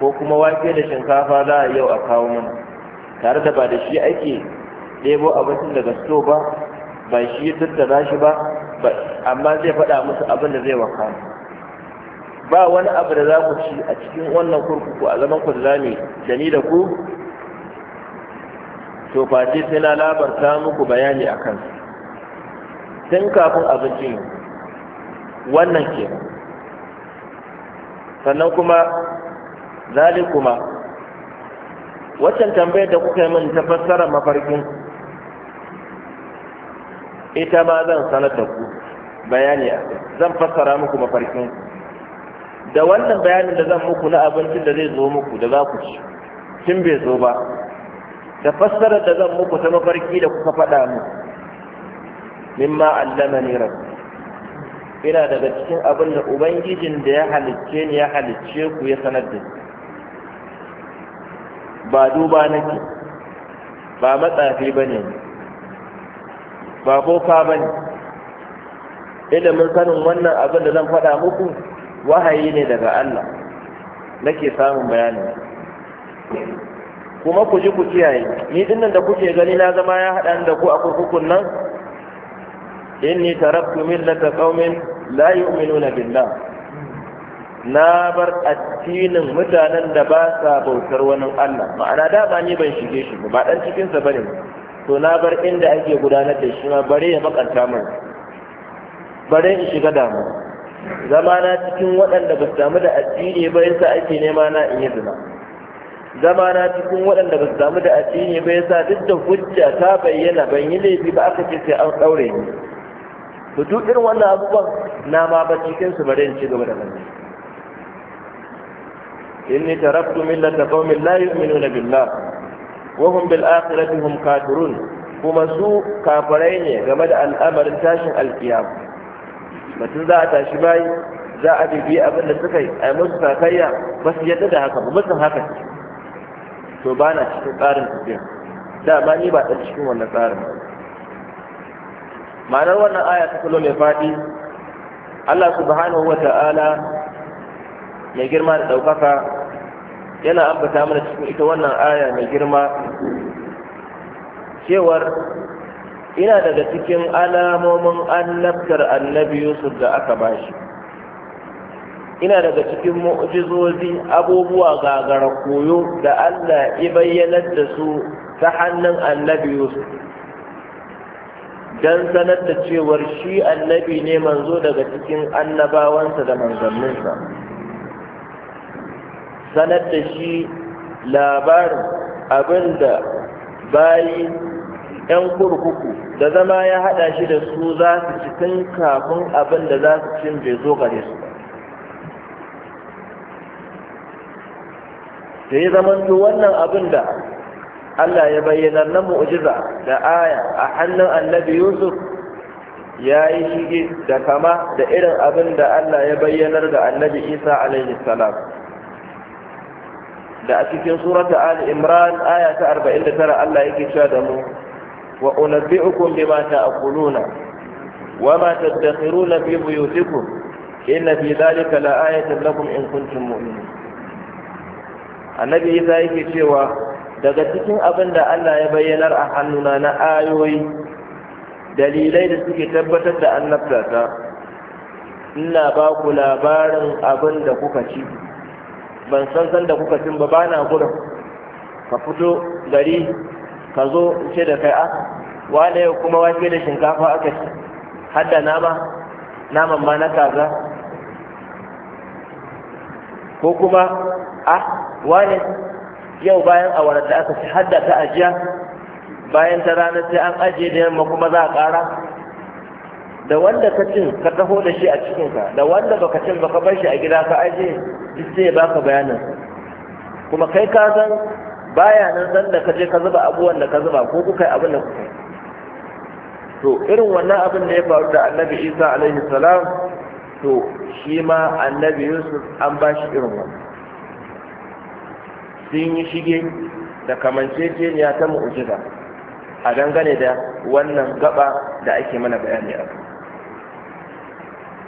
ko kuma wake da shinkafa za a yau a kawo mana tare da ba da shi ake ɗebo abincin daga sto ba ba shi ya tattara shi ba amma zai faɗa musu abin da zai waka ba wani abu da za ku ci a cikin wannan kurkuku a zaman ku da da ni da ku to face sai na labarta muku bayani a kansu tun kafin abincin wannan ke sannan kuma zalikuma waccan tambayar da kuka yi min ta fassara mafarkin ita ma zan sanar da ku bayani a zan fassara muku mafarkin da wannan bayanin da zan muku na abincin da zai zo muku da za ku ci tun bai zo ba da fassarar da zan muku ta mafarki da kuka faɗa mu mimma allama ni ina daga cikin abin da ubangijin da ya halicce ni ya halicce ku ya sanar da ba duba nake ba matsafi ba ne ba boka ba ne ilimin sanin wannan abin da zan faɗa muku wahayi ne daga Allah nake samun bayanin kuma ku ji ku kiyaye ni dinnan da kuke gani na zama ya haɗa da ku a kurkukun nan inni taraktu millata qaumin la yu'minuna billah na bar addinin mutanen da ba sa bautar wani Allah ma'ana da ba ni ban shige shi ba dan cikin sa bane to na bar inda ake gudanar da shi ma bare ya makanta min bare in shiga damu zama na cikin waɗanda ba su samu da addini ba yasa ake nema na in yi zina zama na cikin waɗanda ba su samu da addini ba yasa duk da hujja ta bayyana ban yi laifi ba aka ce sai an ɗaure ni to duk irin wannan abubuwan na ma ba cikin su bare in ci gaba da nan inni taraktu millata qaumin la yu'minuna billah wahum bil akhirati hum kafirun kuma su kafarai ne game da al'amarin tashin alkiyama mutum za a tashi bayi za a abin da suka yi a musu kakayya ba su yadda da haka ba musu haka to ba na cikin tsarin tafiya dama ni ba ɗan cikin wannan tsarin ba ma'anar aya ta kulo mai faɗi Allah subhanahu wa ta'ala mai girma da ɗaukaka yana ambata mana cikin ita wannan aya mai girma cewar ina daga cikin alamomin annabtar annabi yusuf da aka bashi ina daga cikin mu'jizozi abubuwa gagara koyo da allah ya bayyanar da su ta hannun annabi yusuf don sanar da cewar shi annabi ne manzo daga cikin annabawansa da manzanninsa sanar da shi labarin abin da bayi 'yan kurkuku da zama ya haɗa shi da su za su ci tun kafin abin da za su cin bai zo gare su da ya zamanto wannan abin da Allah ya bayyana na mu'jiza da aya a hannun annabi Yusuf ya yi shige da kama da irin abin da Allah ya bayyanar da annabi Isa alaihi da a cikin surata ali imran aya ta 49 Allah yake cewa da mu wa unabbi'ukum bima ta'kuluna wa ma tadakhiruna fi buyutikum inna fi dhalika la ayatan lakum in kuntum mu'minin annabi isa yake cewa daga cikin abin da Allah ya bayyanar a hannuna na ayoyi dalilai da suke tabbatar da annabta ina ba ku labarin abin da kuka ci ban san san da kuka cin ba ba na gurin ka fito gari ka zo ce da kai a ah, wane yau kuma wake da shinkafa aka ci hadda nama naman ma na kaza ko kuma a ah, wane yau bayan awarar da aka ci hadda ta ajiya bayan ta ranar sai an ajiye da yamma kuma za a ƙara da wanda ka cin ka taho da shi a cikinka da wanda ba ka cin ka bar shi a gida ka aje duk sai baka bayanin kuma kai ka san baya nan san da ka je ka zuba abubuwan da ka zuba ko kuka yi abin da kuka to irin wannan abin da ya faru da annabi isa alaihi salam to shi ma annabi yusuf an ba shi irin wannan sun yi shige da kamance kamanceceniya ta mu'ujiza a dangane da wannan gaba da ake mana bayani a kai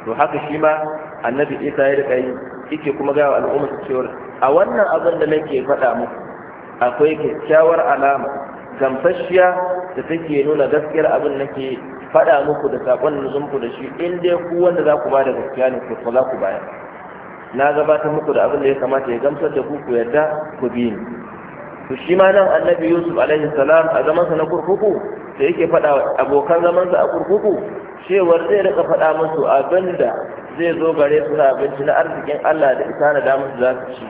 to haka shi ma annabi isa ya rika yi yake kuma gawa al'umma cewa a wannan abin da nake faɗa muku akwai kyakkyawar alama gamsashiya da take nuna gaskiyar abin nake faɗa muku da saƙon da zumku da shi in dai ku wanda za ku ba da gaskiya ne ku za ku bayar na gabatar muku da abin da ya kamata ya gamsar da ku ku yarda ku bi ni to shi ma nan annabi yusuf alaihi salam a zamansa na kurkuku da yake faɗa abokan zamansa a kurkuku cewar zai rika faɗa musu abin da zai zo gare su na abinci na arzikin Allah da isa na damu za su ci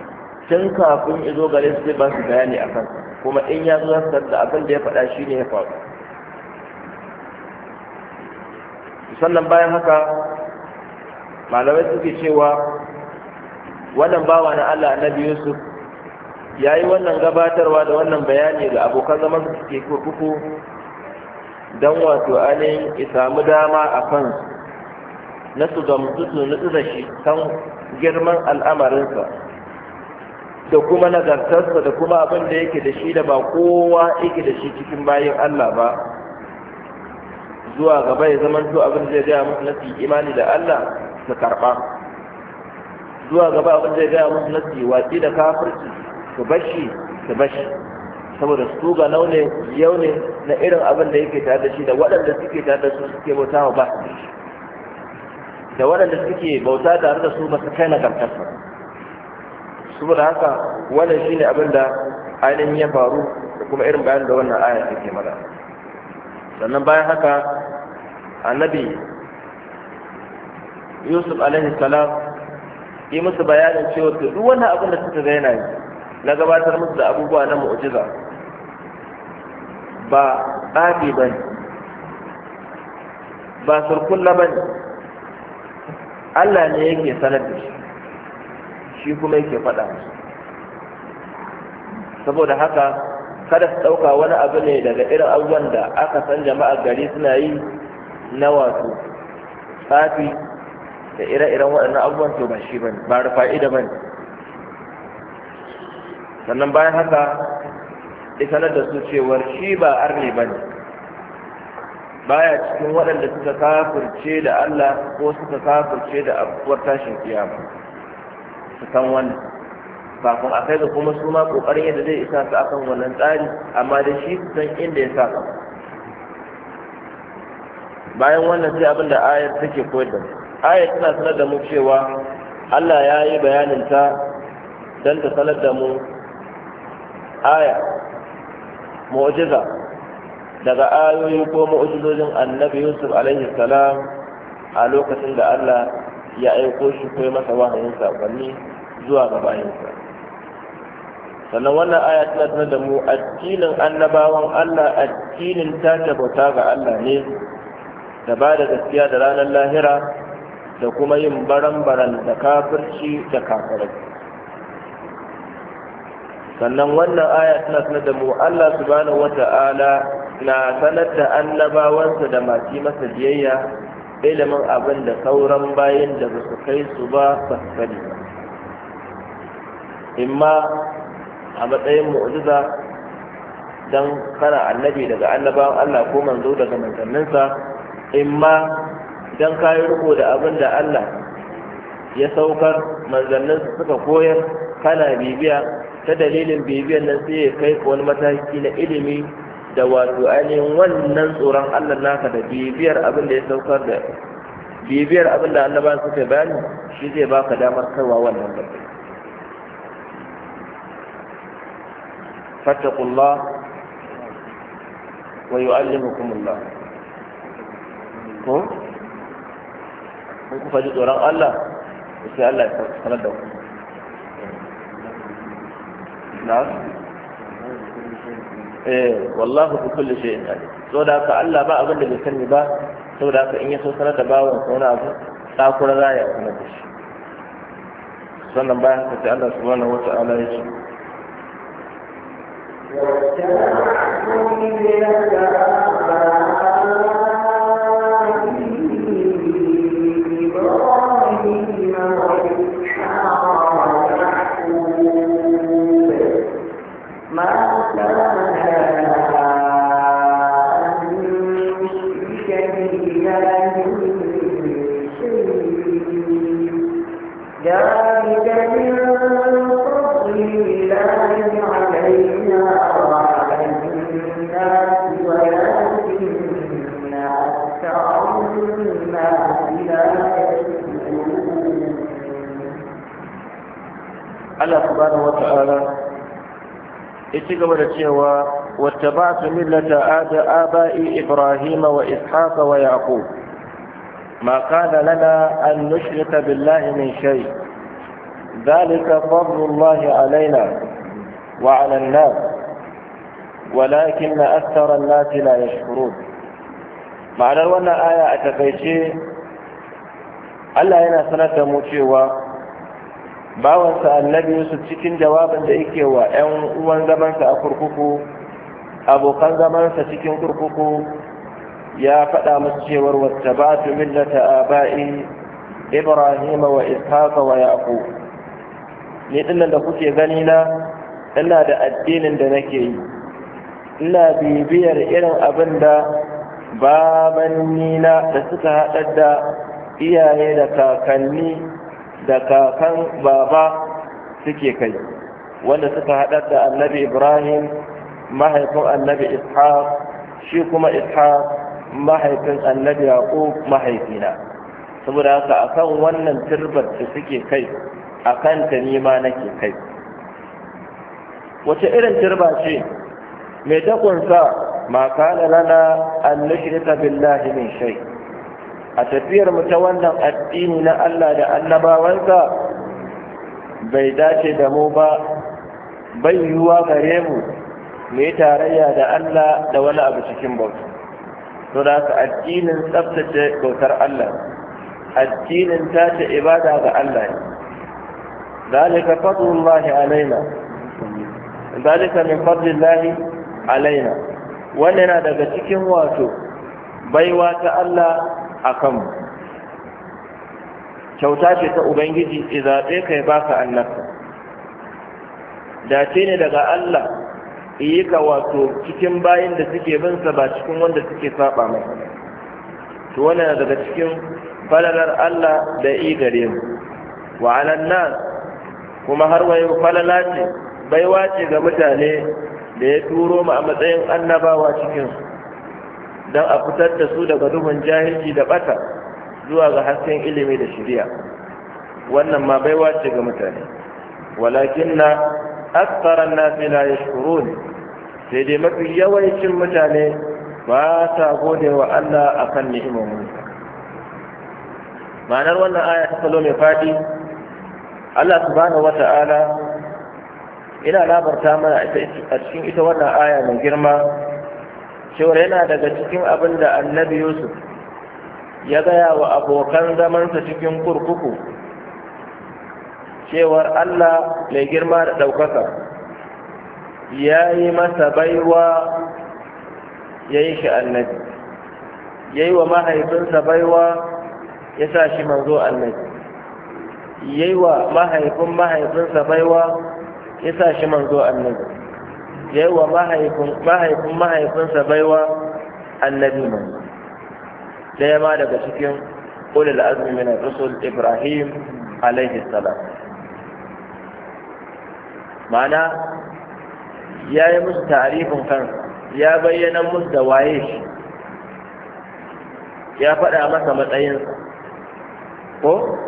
tun kafin ya zo gare su zai ba su bayani a kan kuma in ya zo za da abin da ya faɗa shi ne ya faru sannan bayan haka malamai suke cewa wannan bawa na Allah annabi Yusuf ya yi wannan gabatarwa da wannan bayani ga abokan zaman su suke kurkuku don wato ainihin ya samu dama a kan na su gamsu su nutsu da shi kan girman al'amarinsa da kuma nagartarsa da kuma abin da yake da shi da ba kowa yake da shi cikin bayan Allah ba zuwa gaba ya zama to abin zai gaya musu na imani da Allah su karɓa zuwa gaba abin zai gaya musu na watsi da kafirci su bashi su bashi saboda su ga naune yau ne na irin abin da yake tare da shi da waɗanda suke tare da su suke bauta wa ba da waɗanda suke bauta tare da su ba su kai na gamtarsa saboda haka wannan shi ne abin da ainihin ya faru da kuma irin bayan da wannan aya take mana sannan bayan haka annabi yusuf alaihi salam yi musu bayanin cewa duk wannan abin da suka zai yi na gabatar musu da abubuwa na mu'jiza ba tsafi ba ne ba surkulla ba ne allah ne yake sanar da shi shi kuma yake faɗa saboda haka kada su ɗauka wani abu ne daga irin abubuwan da aka san jama'a gari suna yi na wato tsafi da ire-iren waɗannan abubuwan to ba shi ba ba rufa'i da ba sannan bayan haka sanar da su cewar shi ba arne ba ne baya cikin waɗanda suka kafirce da Allah ko suka kafirce da abubuwar tashin kiyama su kan wani. bakon akai da ga kuma su ma ƙoƙarin yadda zai isa su akan wannan tsari amma da shi san inda ya sa ka bayan wannan sai abin da ayar take koyar da mu ayar tana sanar da mu cewa Allah ya yi bayanin ta don ta sanar da mu aya mu'jiza daga ayoyi ko mu'jizojin annabi yusuf alaihi salam a lokacin da allah ya aiko shi kai masa wahayin sakonni zuwa ga bayansa sannan wannan aya tana tana da mu addinin annabawan allah addinin ta bauta ga allah ne da ba da gaskiya da ranar lahira da kuma yin baran-baran da kafirci da kafirci sannan wannan aya tana sanar da mu Allah subhanahu wata'ala na sanar da annabawansa da masu masa biyayya ilimin abin da sauran bayan da ba su kai su ba ba su sani ba imma a matsayin mu'jiza don kana annabi daga annabawan Allah ko manzo daga manzanninsa imma don kayi riko da abin da Allah ya saukar manzanninsa suka koyar kana bibiya ta dalilin bibiyan nan sai ya kai wani mataki na ilimi da wato ainihin wannan tsoron Allah naka da bibiyar abin da ya saukar da bibiyar abin da annaba suka bayani shi zai baka damar kaiwa wannan gaba fattaqullah wa hukumullah ko ku faɗi tsoron Allah sai Allah ya sanar da ku na'am eh wallahu bi kulli shay'in alim da haka Allah ba abin da bai sani ba So da haka in ya so sanar da bawon sa wani abu takura za ya kuma da shi sannan bayan ka sai Allah subhanahu wata'ala ya ce وَاتَّبَعْتُمْ مِلَّةَ آبَائِكُمْ Allah subhanahu wa ta'ala ya ci gaba da cewa wata ba su millata ada aba'i ibrahima wa ishaqa wa yaqub ma kana lana an nushrika billahi min shay' ذلك فضل الله علينا وعلى الناس ولكن أكثر الناس لا يشكرون ma'anar wannan aya a takaice Allah yana sanar da mu cewa bawansa annabi Yusuf cikin jawabin da yake wa 'yan uwan zamansa a kurkuku abokan zamansa cikin kurkuku ya faɗa musu cewar wata ba tu millata aba'i Ibrahim wa Ishaq wa Yaqub ni dinnan da kuke gani na ina da addinin da nake yi ina bibiyar irin abin da babanni na da suka haɗar da iyaye da kakanni da kakan baba suke kai wanda suka haɗar da annabi ibrahim mahaifin annabi ishaq shi kuma ishaq mahaifin annabi yaqub mahaifina saboda haka akan wannan turbar da suke kai a kanta nima nake kai wace irin turba ce mai takunsa ma kana lana an nushrika billahi min shai a tafiyar mu ta wannan addini na Allah da annabawansa bai dace da mu ba bai yiwuwa gare mu mai tarayya da Allah da wani abu cikin bauta to da ka addinin tsaftace bautar Allah addinin tace ibada ga Allah ne ذلك فضل الله علينا ذلك من فضل الله علينا وننا daga cikin wato baiwa ta Allah akan mu kyauta ce ta ubangiji izabe kai baka da dace ne daga Allah yi ka wato cikin bayin da suke bin sa ba cikin wanda suke saba mai to wannan daga cikin falalar Allah da i gare mu wa alannas kuma har wayo falala ce baiwa ce ga mutane da ya turo mu a matsayin annabawa cikin don a fitar da su daga duhun jahilci da bata zuwa ga hasken ilimi da shirya. wannan ma baiwa ce ga mutane walakin na aksaran nasi la yashkurun sai dai mafi yawancin mutane ba sa gode wa Allah akan ni'imomin ma'anar wannan aya ta salo mai fadi Allah subhanahu wata'ala ina labarta mana a cikin ita wannan aya mai girma cewar yana daga cikin abin da annabi Yusuf ya gaya wa abokan zamansa cikin kurkuku cewar Allah mai girma da ɗaukaka ya yi masa baiwa ya yi shi annabi ya yi wa mahaifinsa baiwa ya sa shi manzo annabi yayi wa mahaifin mahaifinsa baiwa ya sa shi manzo annabi yayi wa mahaifin mahaifinsa baiwa annabi manzo daya ma daga cikin ulul azmi min rusul Ibrahim alaihi salam ma'ana ya yi musu tarifin kan. ya bayyana musu da waye shi ya faɗa masa matsayinsa ko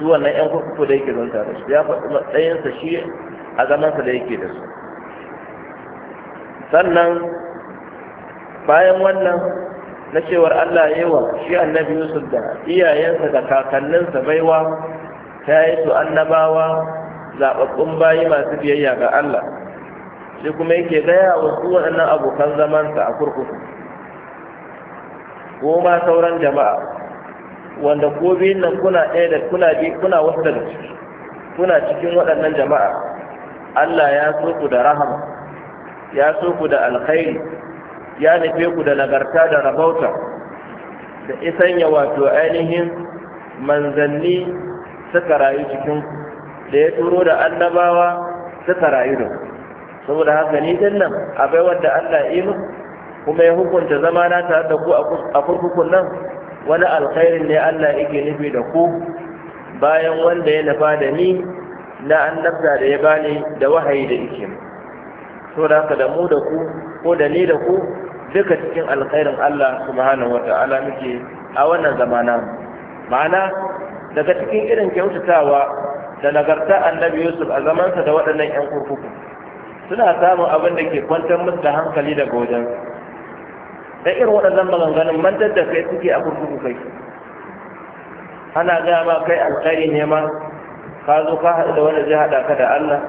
su wannan yan kurkuku da yake zanta da su ya faɗi matsayinsa shi a zamansa da yake da su sannan bayan wannan na cewar Allah ya yi wa shi annabi Yusuf da iyayensa da kakanninsa baiwa ta yi su annabawa zaɓaɓɓun bayi masu biyayya ga Allah shi kuma yake gaya wa su waɗannan abokan zamansa a kurkuku ko ma sauran jama'a wanda ko biyun nan kuna ɗaya da kuna bi kuna wasu daga ciki kuna cikin waɗannan jama'a Allah ya so ku da rahama ya so ku da alkhairi ya nufe ku da nagarta da rabauta da ya wato ainihin manzanni suka rayu cikin da ya turo da annabawa suka rayu da saboda haka ni din nan abai wanda Allah ya yi kuma ya hukunta zama na tare da ku a kurkukun nan wani alkhairin ne Allah yake nufi da ku bayan wanda ya nufa da ni na annabta da ya bani da wahayi da yake to da haka da mu da ku ko da ni da ku duka cikin alkhairin Allah subhanahu wata'ala muke a wannan zamana ma'ana daga cikin irin kyautatawa da nagarta annabi Yusuf a zamansa da waɗannan 'yan kurkuku suna samun abin da ke kwantar musu da hankali daga wajensa da irin waɗannan maganganun mantar da kai suke a kurkuku kai ana gaya ma kai alkhairi ne ma ka zo ka haɗu da wanda zai haɗa ka da Allah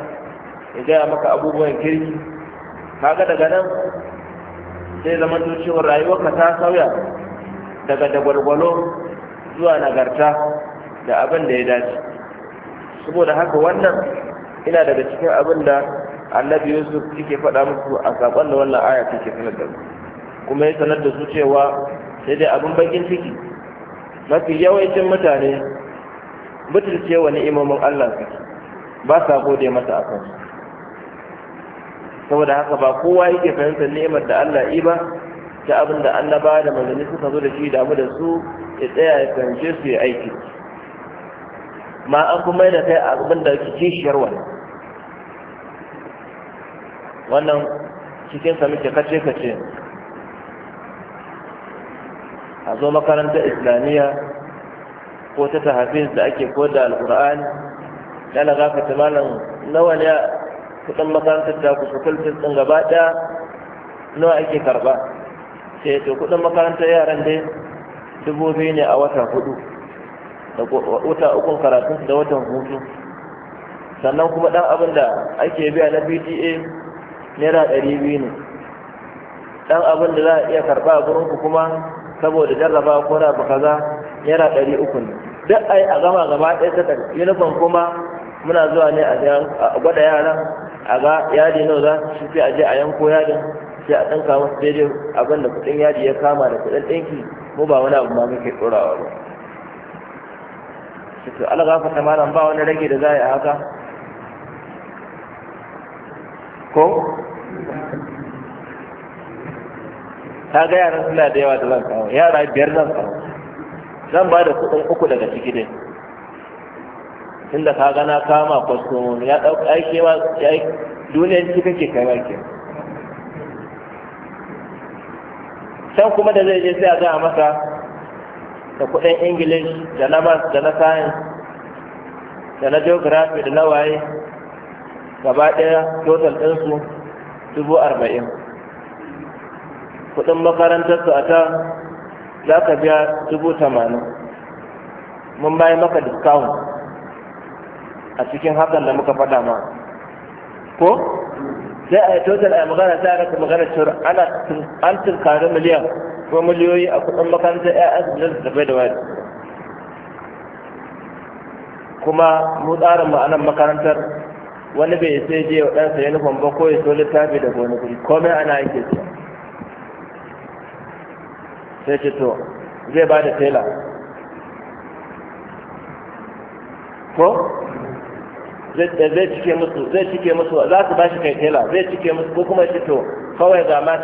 ya gaya maka abubuwan kirki kaga daga nan sai zama to cewa rayuwarka ta sauya daga dagwalgwalo zuwa nagarta da abin da ya dace saboda haka wannan ina daga cikin abin da annabi yusuf yake faɗa musu a saƙon da wannan aya take sanar da mu kuma ya sanar da su cewa sai dai abin bakin ciki mafi yawancin mutane butulce wa ni'imomin Allah suke ba sa gode masa a kansu saboda haka ba kowa yake fahimtar ni'imar da Allah yi ba ta abin da ba da manzanni suka zo da shi damu da su ya tsaya ya fahimce su ya aiki ma an kuma yana kai abin da ke kishiyar wannan wannan cikin sa muke kace kace a zo makarantar islamiyya ko ta tahafiz da ake ko da alkur'ani na lagafa ta malam nawa ne kudin makarantar ta ku fakultis din gaba ɗaya nawa ake karɓa sai to kudin makarantar yaran dai dubu biyu ne a wata hudu da wata ukun karatun da watan hutu sannan kuma ɗan abin da ake biya na bta naira ɗari biyu ne ɗan abin da za a iya karɓa a gurinku kuma saboda jarraba ko na ba kaza yana ɗari uku ne duk ai a gama gaba ɗaya ta ɗari uniform kuma muna zuwa ne a gwada yaran a ga yadi nawa za su fi a je a yanko yadin sai a ɗanka kama daidai abin da kuɗin yadi ya kama da kuɗin ɗinki mu ba wani abu ma muke ɗorawa ba to algafa ta malam ba wani rage da za a yi haka ko ta ga yaran suna da yawa da zan kawo yara biyar zan kawo zan ba da kuɗin uku daga ciki dai inda ka gana kama kwastomomi ya ɗauka aiki ba duniyar ciki kake kai ba ke can kuma da zai je sai a gaya masa da kuɗin Ingilish, da na mas da na science da na geography da na waye gaba ɗaya total ɗinsu dubu arba'in kudin makarantarsu a ta za ka biya dubu tamanin mun bayi maka discount a cikin hakan da muka faɗa ma ko sai a yi total a magana sai a rasa magana cewar ana an tunkari miliyan ko miliyoyi a kudin makarantar ya'yan su da bai da wani kuma mu tsarin mu makarantar wani bai sai je wa ɗansa yanifon ba ko ya so littafi da wani guri komai ana yake siya sai ce to zai ba da tela ko eh, zai cike musu zai cike musu za su ba shi kai tela zai cike musu ko kuma shi to kawai ga ma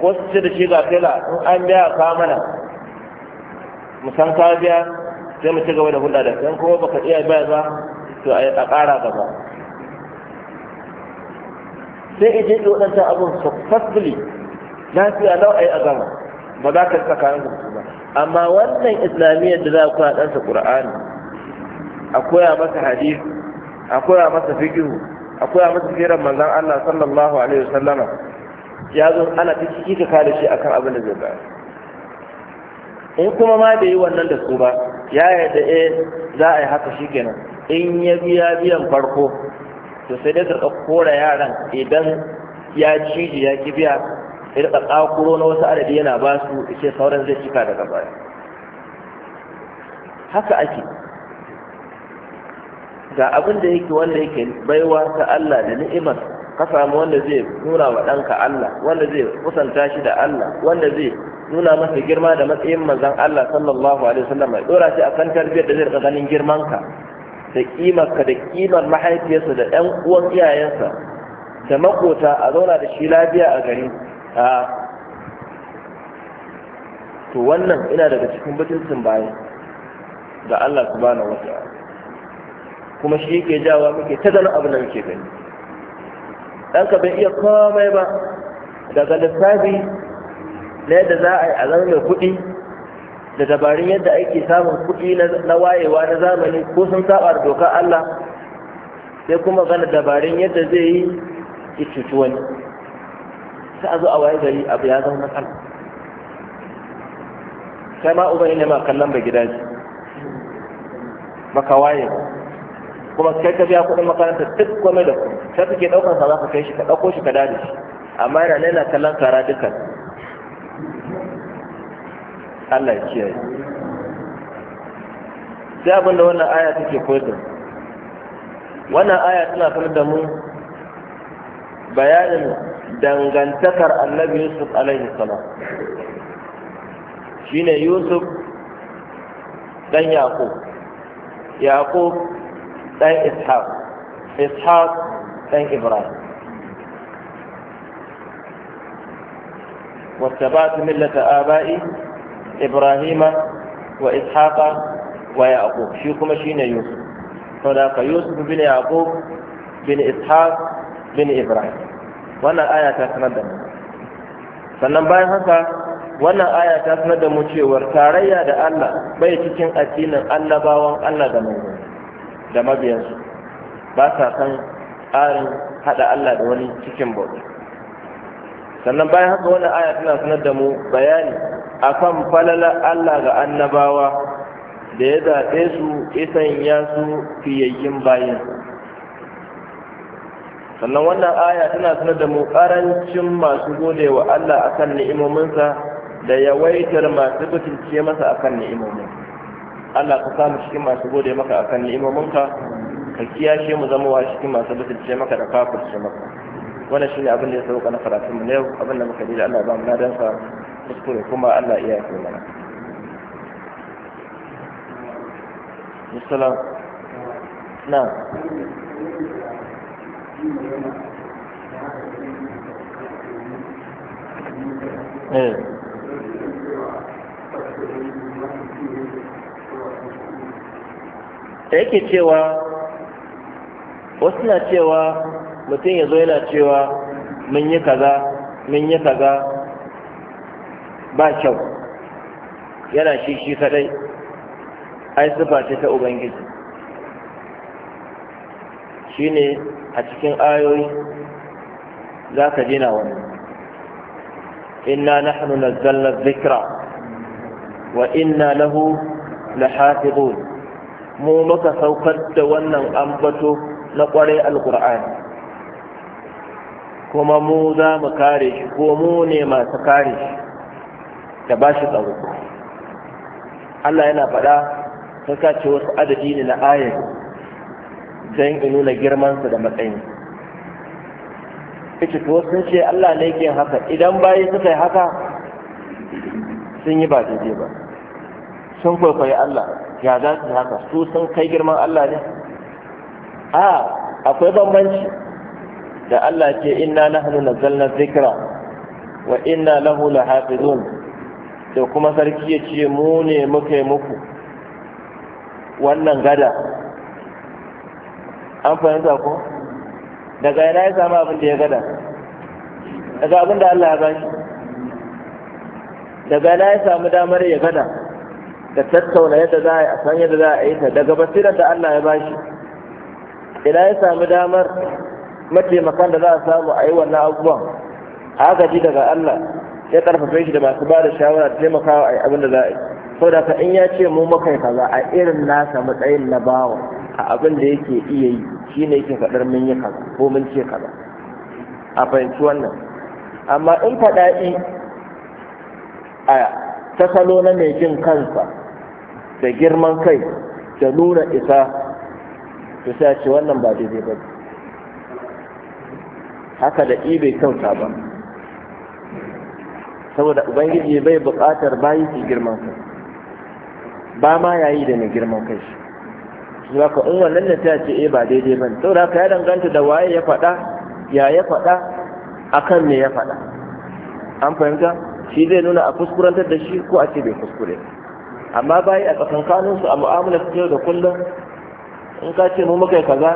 ko su ce da shi ga tela in an biya kawo mana mu san ka biya sai mu ci gaba da hulɗa da sai kuma baka iya biya ba to a ƙara gaba sai ije da waɗanta abin successfully na fiya lau a yi a ba za ka tsakanin ku. ba amma wannan islamiyyar da za a koya ɗansa ƙur'ani a koya masa hadisi a koya masa fikihu a koya masa firar manzan allah sallallahu alaihi wasallama ya zo ana ta ciki ka kare shi akan abin da zai bayar in kuma ma bai yi wannan da su ba ya yarda eh za a yi haka shi kenan in ya biya biyan farko to sai dai ka kora yaran idan ya ciji ya ki biya sai da kakuro na wasu adadi yana ba su ishe sauran zai cika daga baya haka ake ga abin da yake wanda yake baiwa ta Allah da ni'imar ka samu wanda zai nuna wa ɗanka Allah wanda zai kusanta shi da Allah wanda zai nuna masa girma da matsayin manzon Allah sallallahu alaihi wasallam ya dora shi akan tarbiyyar da zai rika ganin girmanka da kimarka da kimar mahaifiyarsa da ɗan uwan iyayensa da makota a zauna da shi lafiya a gari a to wannan ina daga cikin mutuncin bayan ga Allah subhanahu wata'ala kuma shi ke jawa muke ta ganin abin da muke gani ɗanka bai iya komai ba daga lissafi na yadda za a yi a mai kuɗi da dabarun yadda ake samun kuɗi na wayewa na zamani ko sun saba da dokar Allah sai kuma gana dabarun yadda zai yi ya wani sai a zo a waye gari abu ya zama matsala Sai ma uba ne ma kallon ba gida ji baka waye kuma kai ka biya kuɗin makaranta duk kome da ku sai kake ɗaukar sa za ka kai shi ka ɗauko shi ka dade shi amma yana nan kallon kara dukkan Allah ya kiyaye sai abinda wannan aya take koyar da wannan aya tana sanar da mu bayanin dangantakar annabi yusuf alaihi salam shine yusuf dan yaqub yaqub dan ishaq ishaq dan ibrahim واتبعت ملة آبائي إبراهيم وإسحاق ويعقوب شيكم شين يوسف هناك يوسف بن يعقوب بن إسحاق بن إبراهيم wannan aya ta sanar da mu sannan bayan haka wannan aya ta sanar da mu cewar tarayya da Allah bai cikin addinin annabawan Allah da mai da mabiyansu ba sa san tsarin hada Allah da wani cikin bauta sannan bayan haka wannan aya tana sanar da mu bayani akan falala Allah ga annabawa da ya zaɓe su isan ya su fiyayyin bayin. sannan wannan aya tana sanar da mu masu gode wa Allah akan ni'imominsa da yawaitar masu butulce masa akan ni'imomin Allah ka samu cikin masu gode maka akan ni'imominka ka kiyashe mu zama wa cikin masu butulce maka da kafirce maka wannan shine abin da ya sauka na karatun mu ne abin da muka yi da Allah ba mu ladan sa kuskure kuma Allah iya yi mana Assalamu na Eh. da yake cewa wasu na cewa mutum ya zo yana cewa mun yi kaza mun yi kaza ba kyau yana shi shi kadai ai sufa ce ta ubangiji shine a cikin ayoyi za ka jina wani inna nahnu nazzalna zikra wa inna lahu lahafizun mu muka saukar da wannan ambato na kwarai alqur'ani kuma mu za mu kare shi ko mu ne masu kare shi da ba shi tsaro Allah yana faɗa sai ka wasu adadi ne na ayat don in nuna girmansu da matsayin ita to sun ce Allah ne yake haka idan bayi suka yi haka sun yi ba daidai ba sun kwaikwayi Allah ya za su haka su sun kai girman Allah ne a akwai bambanci da Allah ce inna na zalna zikira wa inna lahu lahafizun da kuma sarki ya ce mu ne muka yi muku wannan gada an fahimta ko daga yana ya samu abin da ya gada daga abin da Allah ya bashi daga yana ya samu damar ya gada da tattauna yadda za a yi a san yadda za a yi ta daga basirar da Allah ya bashi ina ya samu damar mataimakan da za a samu a yi wannan abubuwan agaji daga Allah ya karfafe shi da masu ba da shawara da taimakawa a yi abin da za a yi da ka in ya ce mu makai kaza a irin nasa matsayin na bawa a abin da yake iya yi shi ne yake faɗar mun yi kaza ko mun ce kaza a fahimci wannan amma in faɗa'i a ta salo na mai jin kansa da girman kai da nuna isa to sai ce wannan ba daidai ba haka da bai kyauta ba saboda ubangiji bai buƙatar bayi su girman kai ba ma yayi da mai girman kai shi za ka in wannan ne ta ce eh ba daidai ba ne saboda ka ya danganta da waye ya faɗa ya ya faɗa akan me ya faɗa an fahimta shi zai nuna a kuskurantar da shi ko a ce bai kuskure amma bayi a tsakankanin su a mu'amala su yau da kullum in ka ce mu muka kaza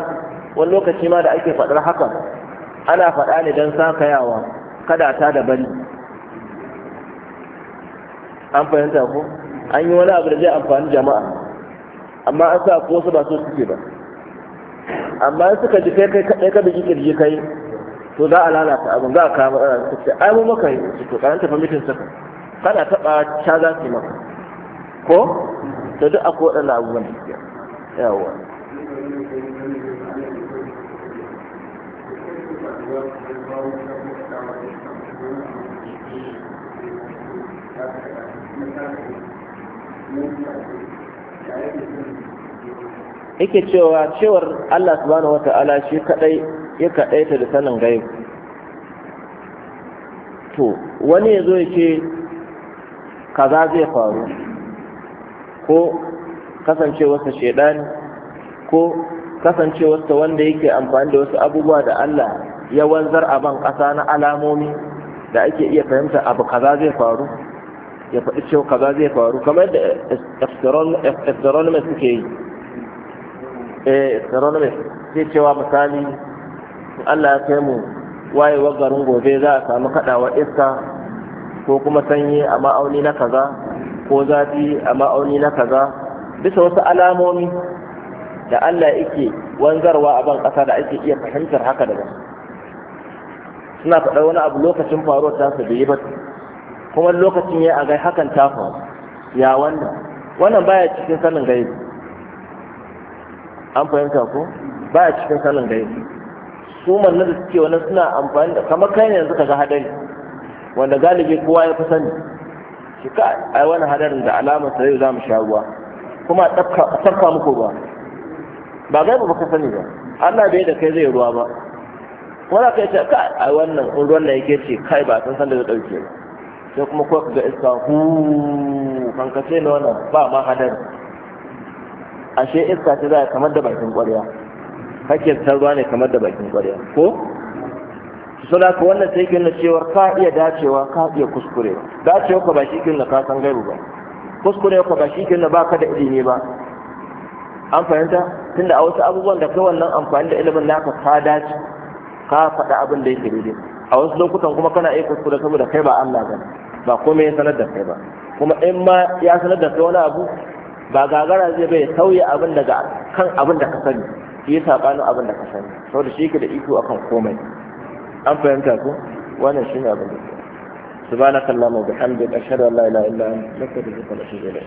wani lokaci ma da ake faɗar haka ana faɗa ne don sakayawa kada ta da bari an fahimta ko an yi wani abu da zai amfani jama'a amma an sa ko wasu ba so suke ba amma in suka ji kai kai kaɗai kada ki kirje kai to za a lalata abin za a kama ana su ce ai mu maka yi to karanta permission saka kana taɓa ca za su maka ko to duk akwai waɗannan abubuwan da suke yawa Thank you. yake cewa cewar Allah subhanahu wata'ala shi kadai ya kadaita da sanin gaib to wani yazo yake kaza zai faru ko kasancewarsa shedani ko kasancewarsa wanda yake amfani da wasu abubuwa da Allah ya wanzar a ban ƙasa na alamomi da ake iya fahimta abu kaza zai faru ya faɗi cewa kaza zai faru kamar da astronomers suke yi eh astronomist zai cewa misali Allah ya kai mu wayewar garin gobe za a samu kaɗawa iska ko kuma sanyi a ma'auni na kaza ko zafi a ma'auni na kaza bisa wasu alamomi da Allah yake wanzarwa a ban kasa da ake iya fahimtar haka daga suna faɗa wani abu lokacin faruwar ta su bai ba kuma lokacin ya a gai hakan ta faru ya wannan wannan baya cikin sanin gaibi an fahimta ko ba a cikin salon gari su manna da suke wani suna amfani da kamar kai yanzu ka ga hadari wanda galibi kowa ya fi sani shi ka ai wani hadarin da alamar sa za mu sha ruwa kuma a tsafka muku ruwa ba gaiba ba ka sani ba Allah bai da kai zai ruwa ba wanda kai ce ka ai wannan in ruwan da yake ce kai ba san san da zai dauke ba sai kuma ko ga iska hu kankace ne wannan ba ma hadari ashe iska ta zai kamar da bakin ƙwarya hakkin ta ruwa ne kamar da bakin ƙwarya ko su da ka wannan sai kin cewar ka iya dacewa ka iya kuskure dacewa ka ba shi kin ka san gairu ba kuskure ka ba shi kin ba ka da ilimi ba an fahimta tunda a wasu abubuwan da kai wannan amfani da ilimin naka ka dace ka faɗa abin da yake daidai a wasu lokutan kuma kana iya kuskure saboda kai ba Allah ba ba komai ya sanar da kai ba kuma in ma ya sanar da kai wani abu ba gagara zai bai sauya abin daga kan abin da ka sani yi sabanin abin da ka sani sau da shi yake da iko akan komai an fahimta ku? wannan shi ne abin da subhanakallahumma wa bihamdika ashhadu an la ilaha illa anta astaghfiruka wa atubu ilayk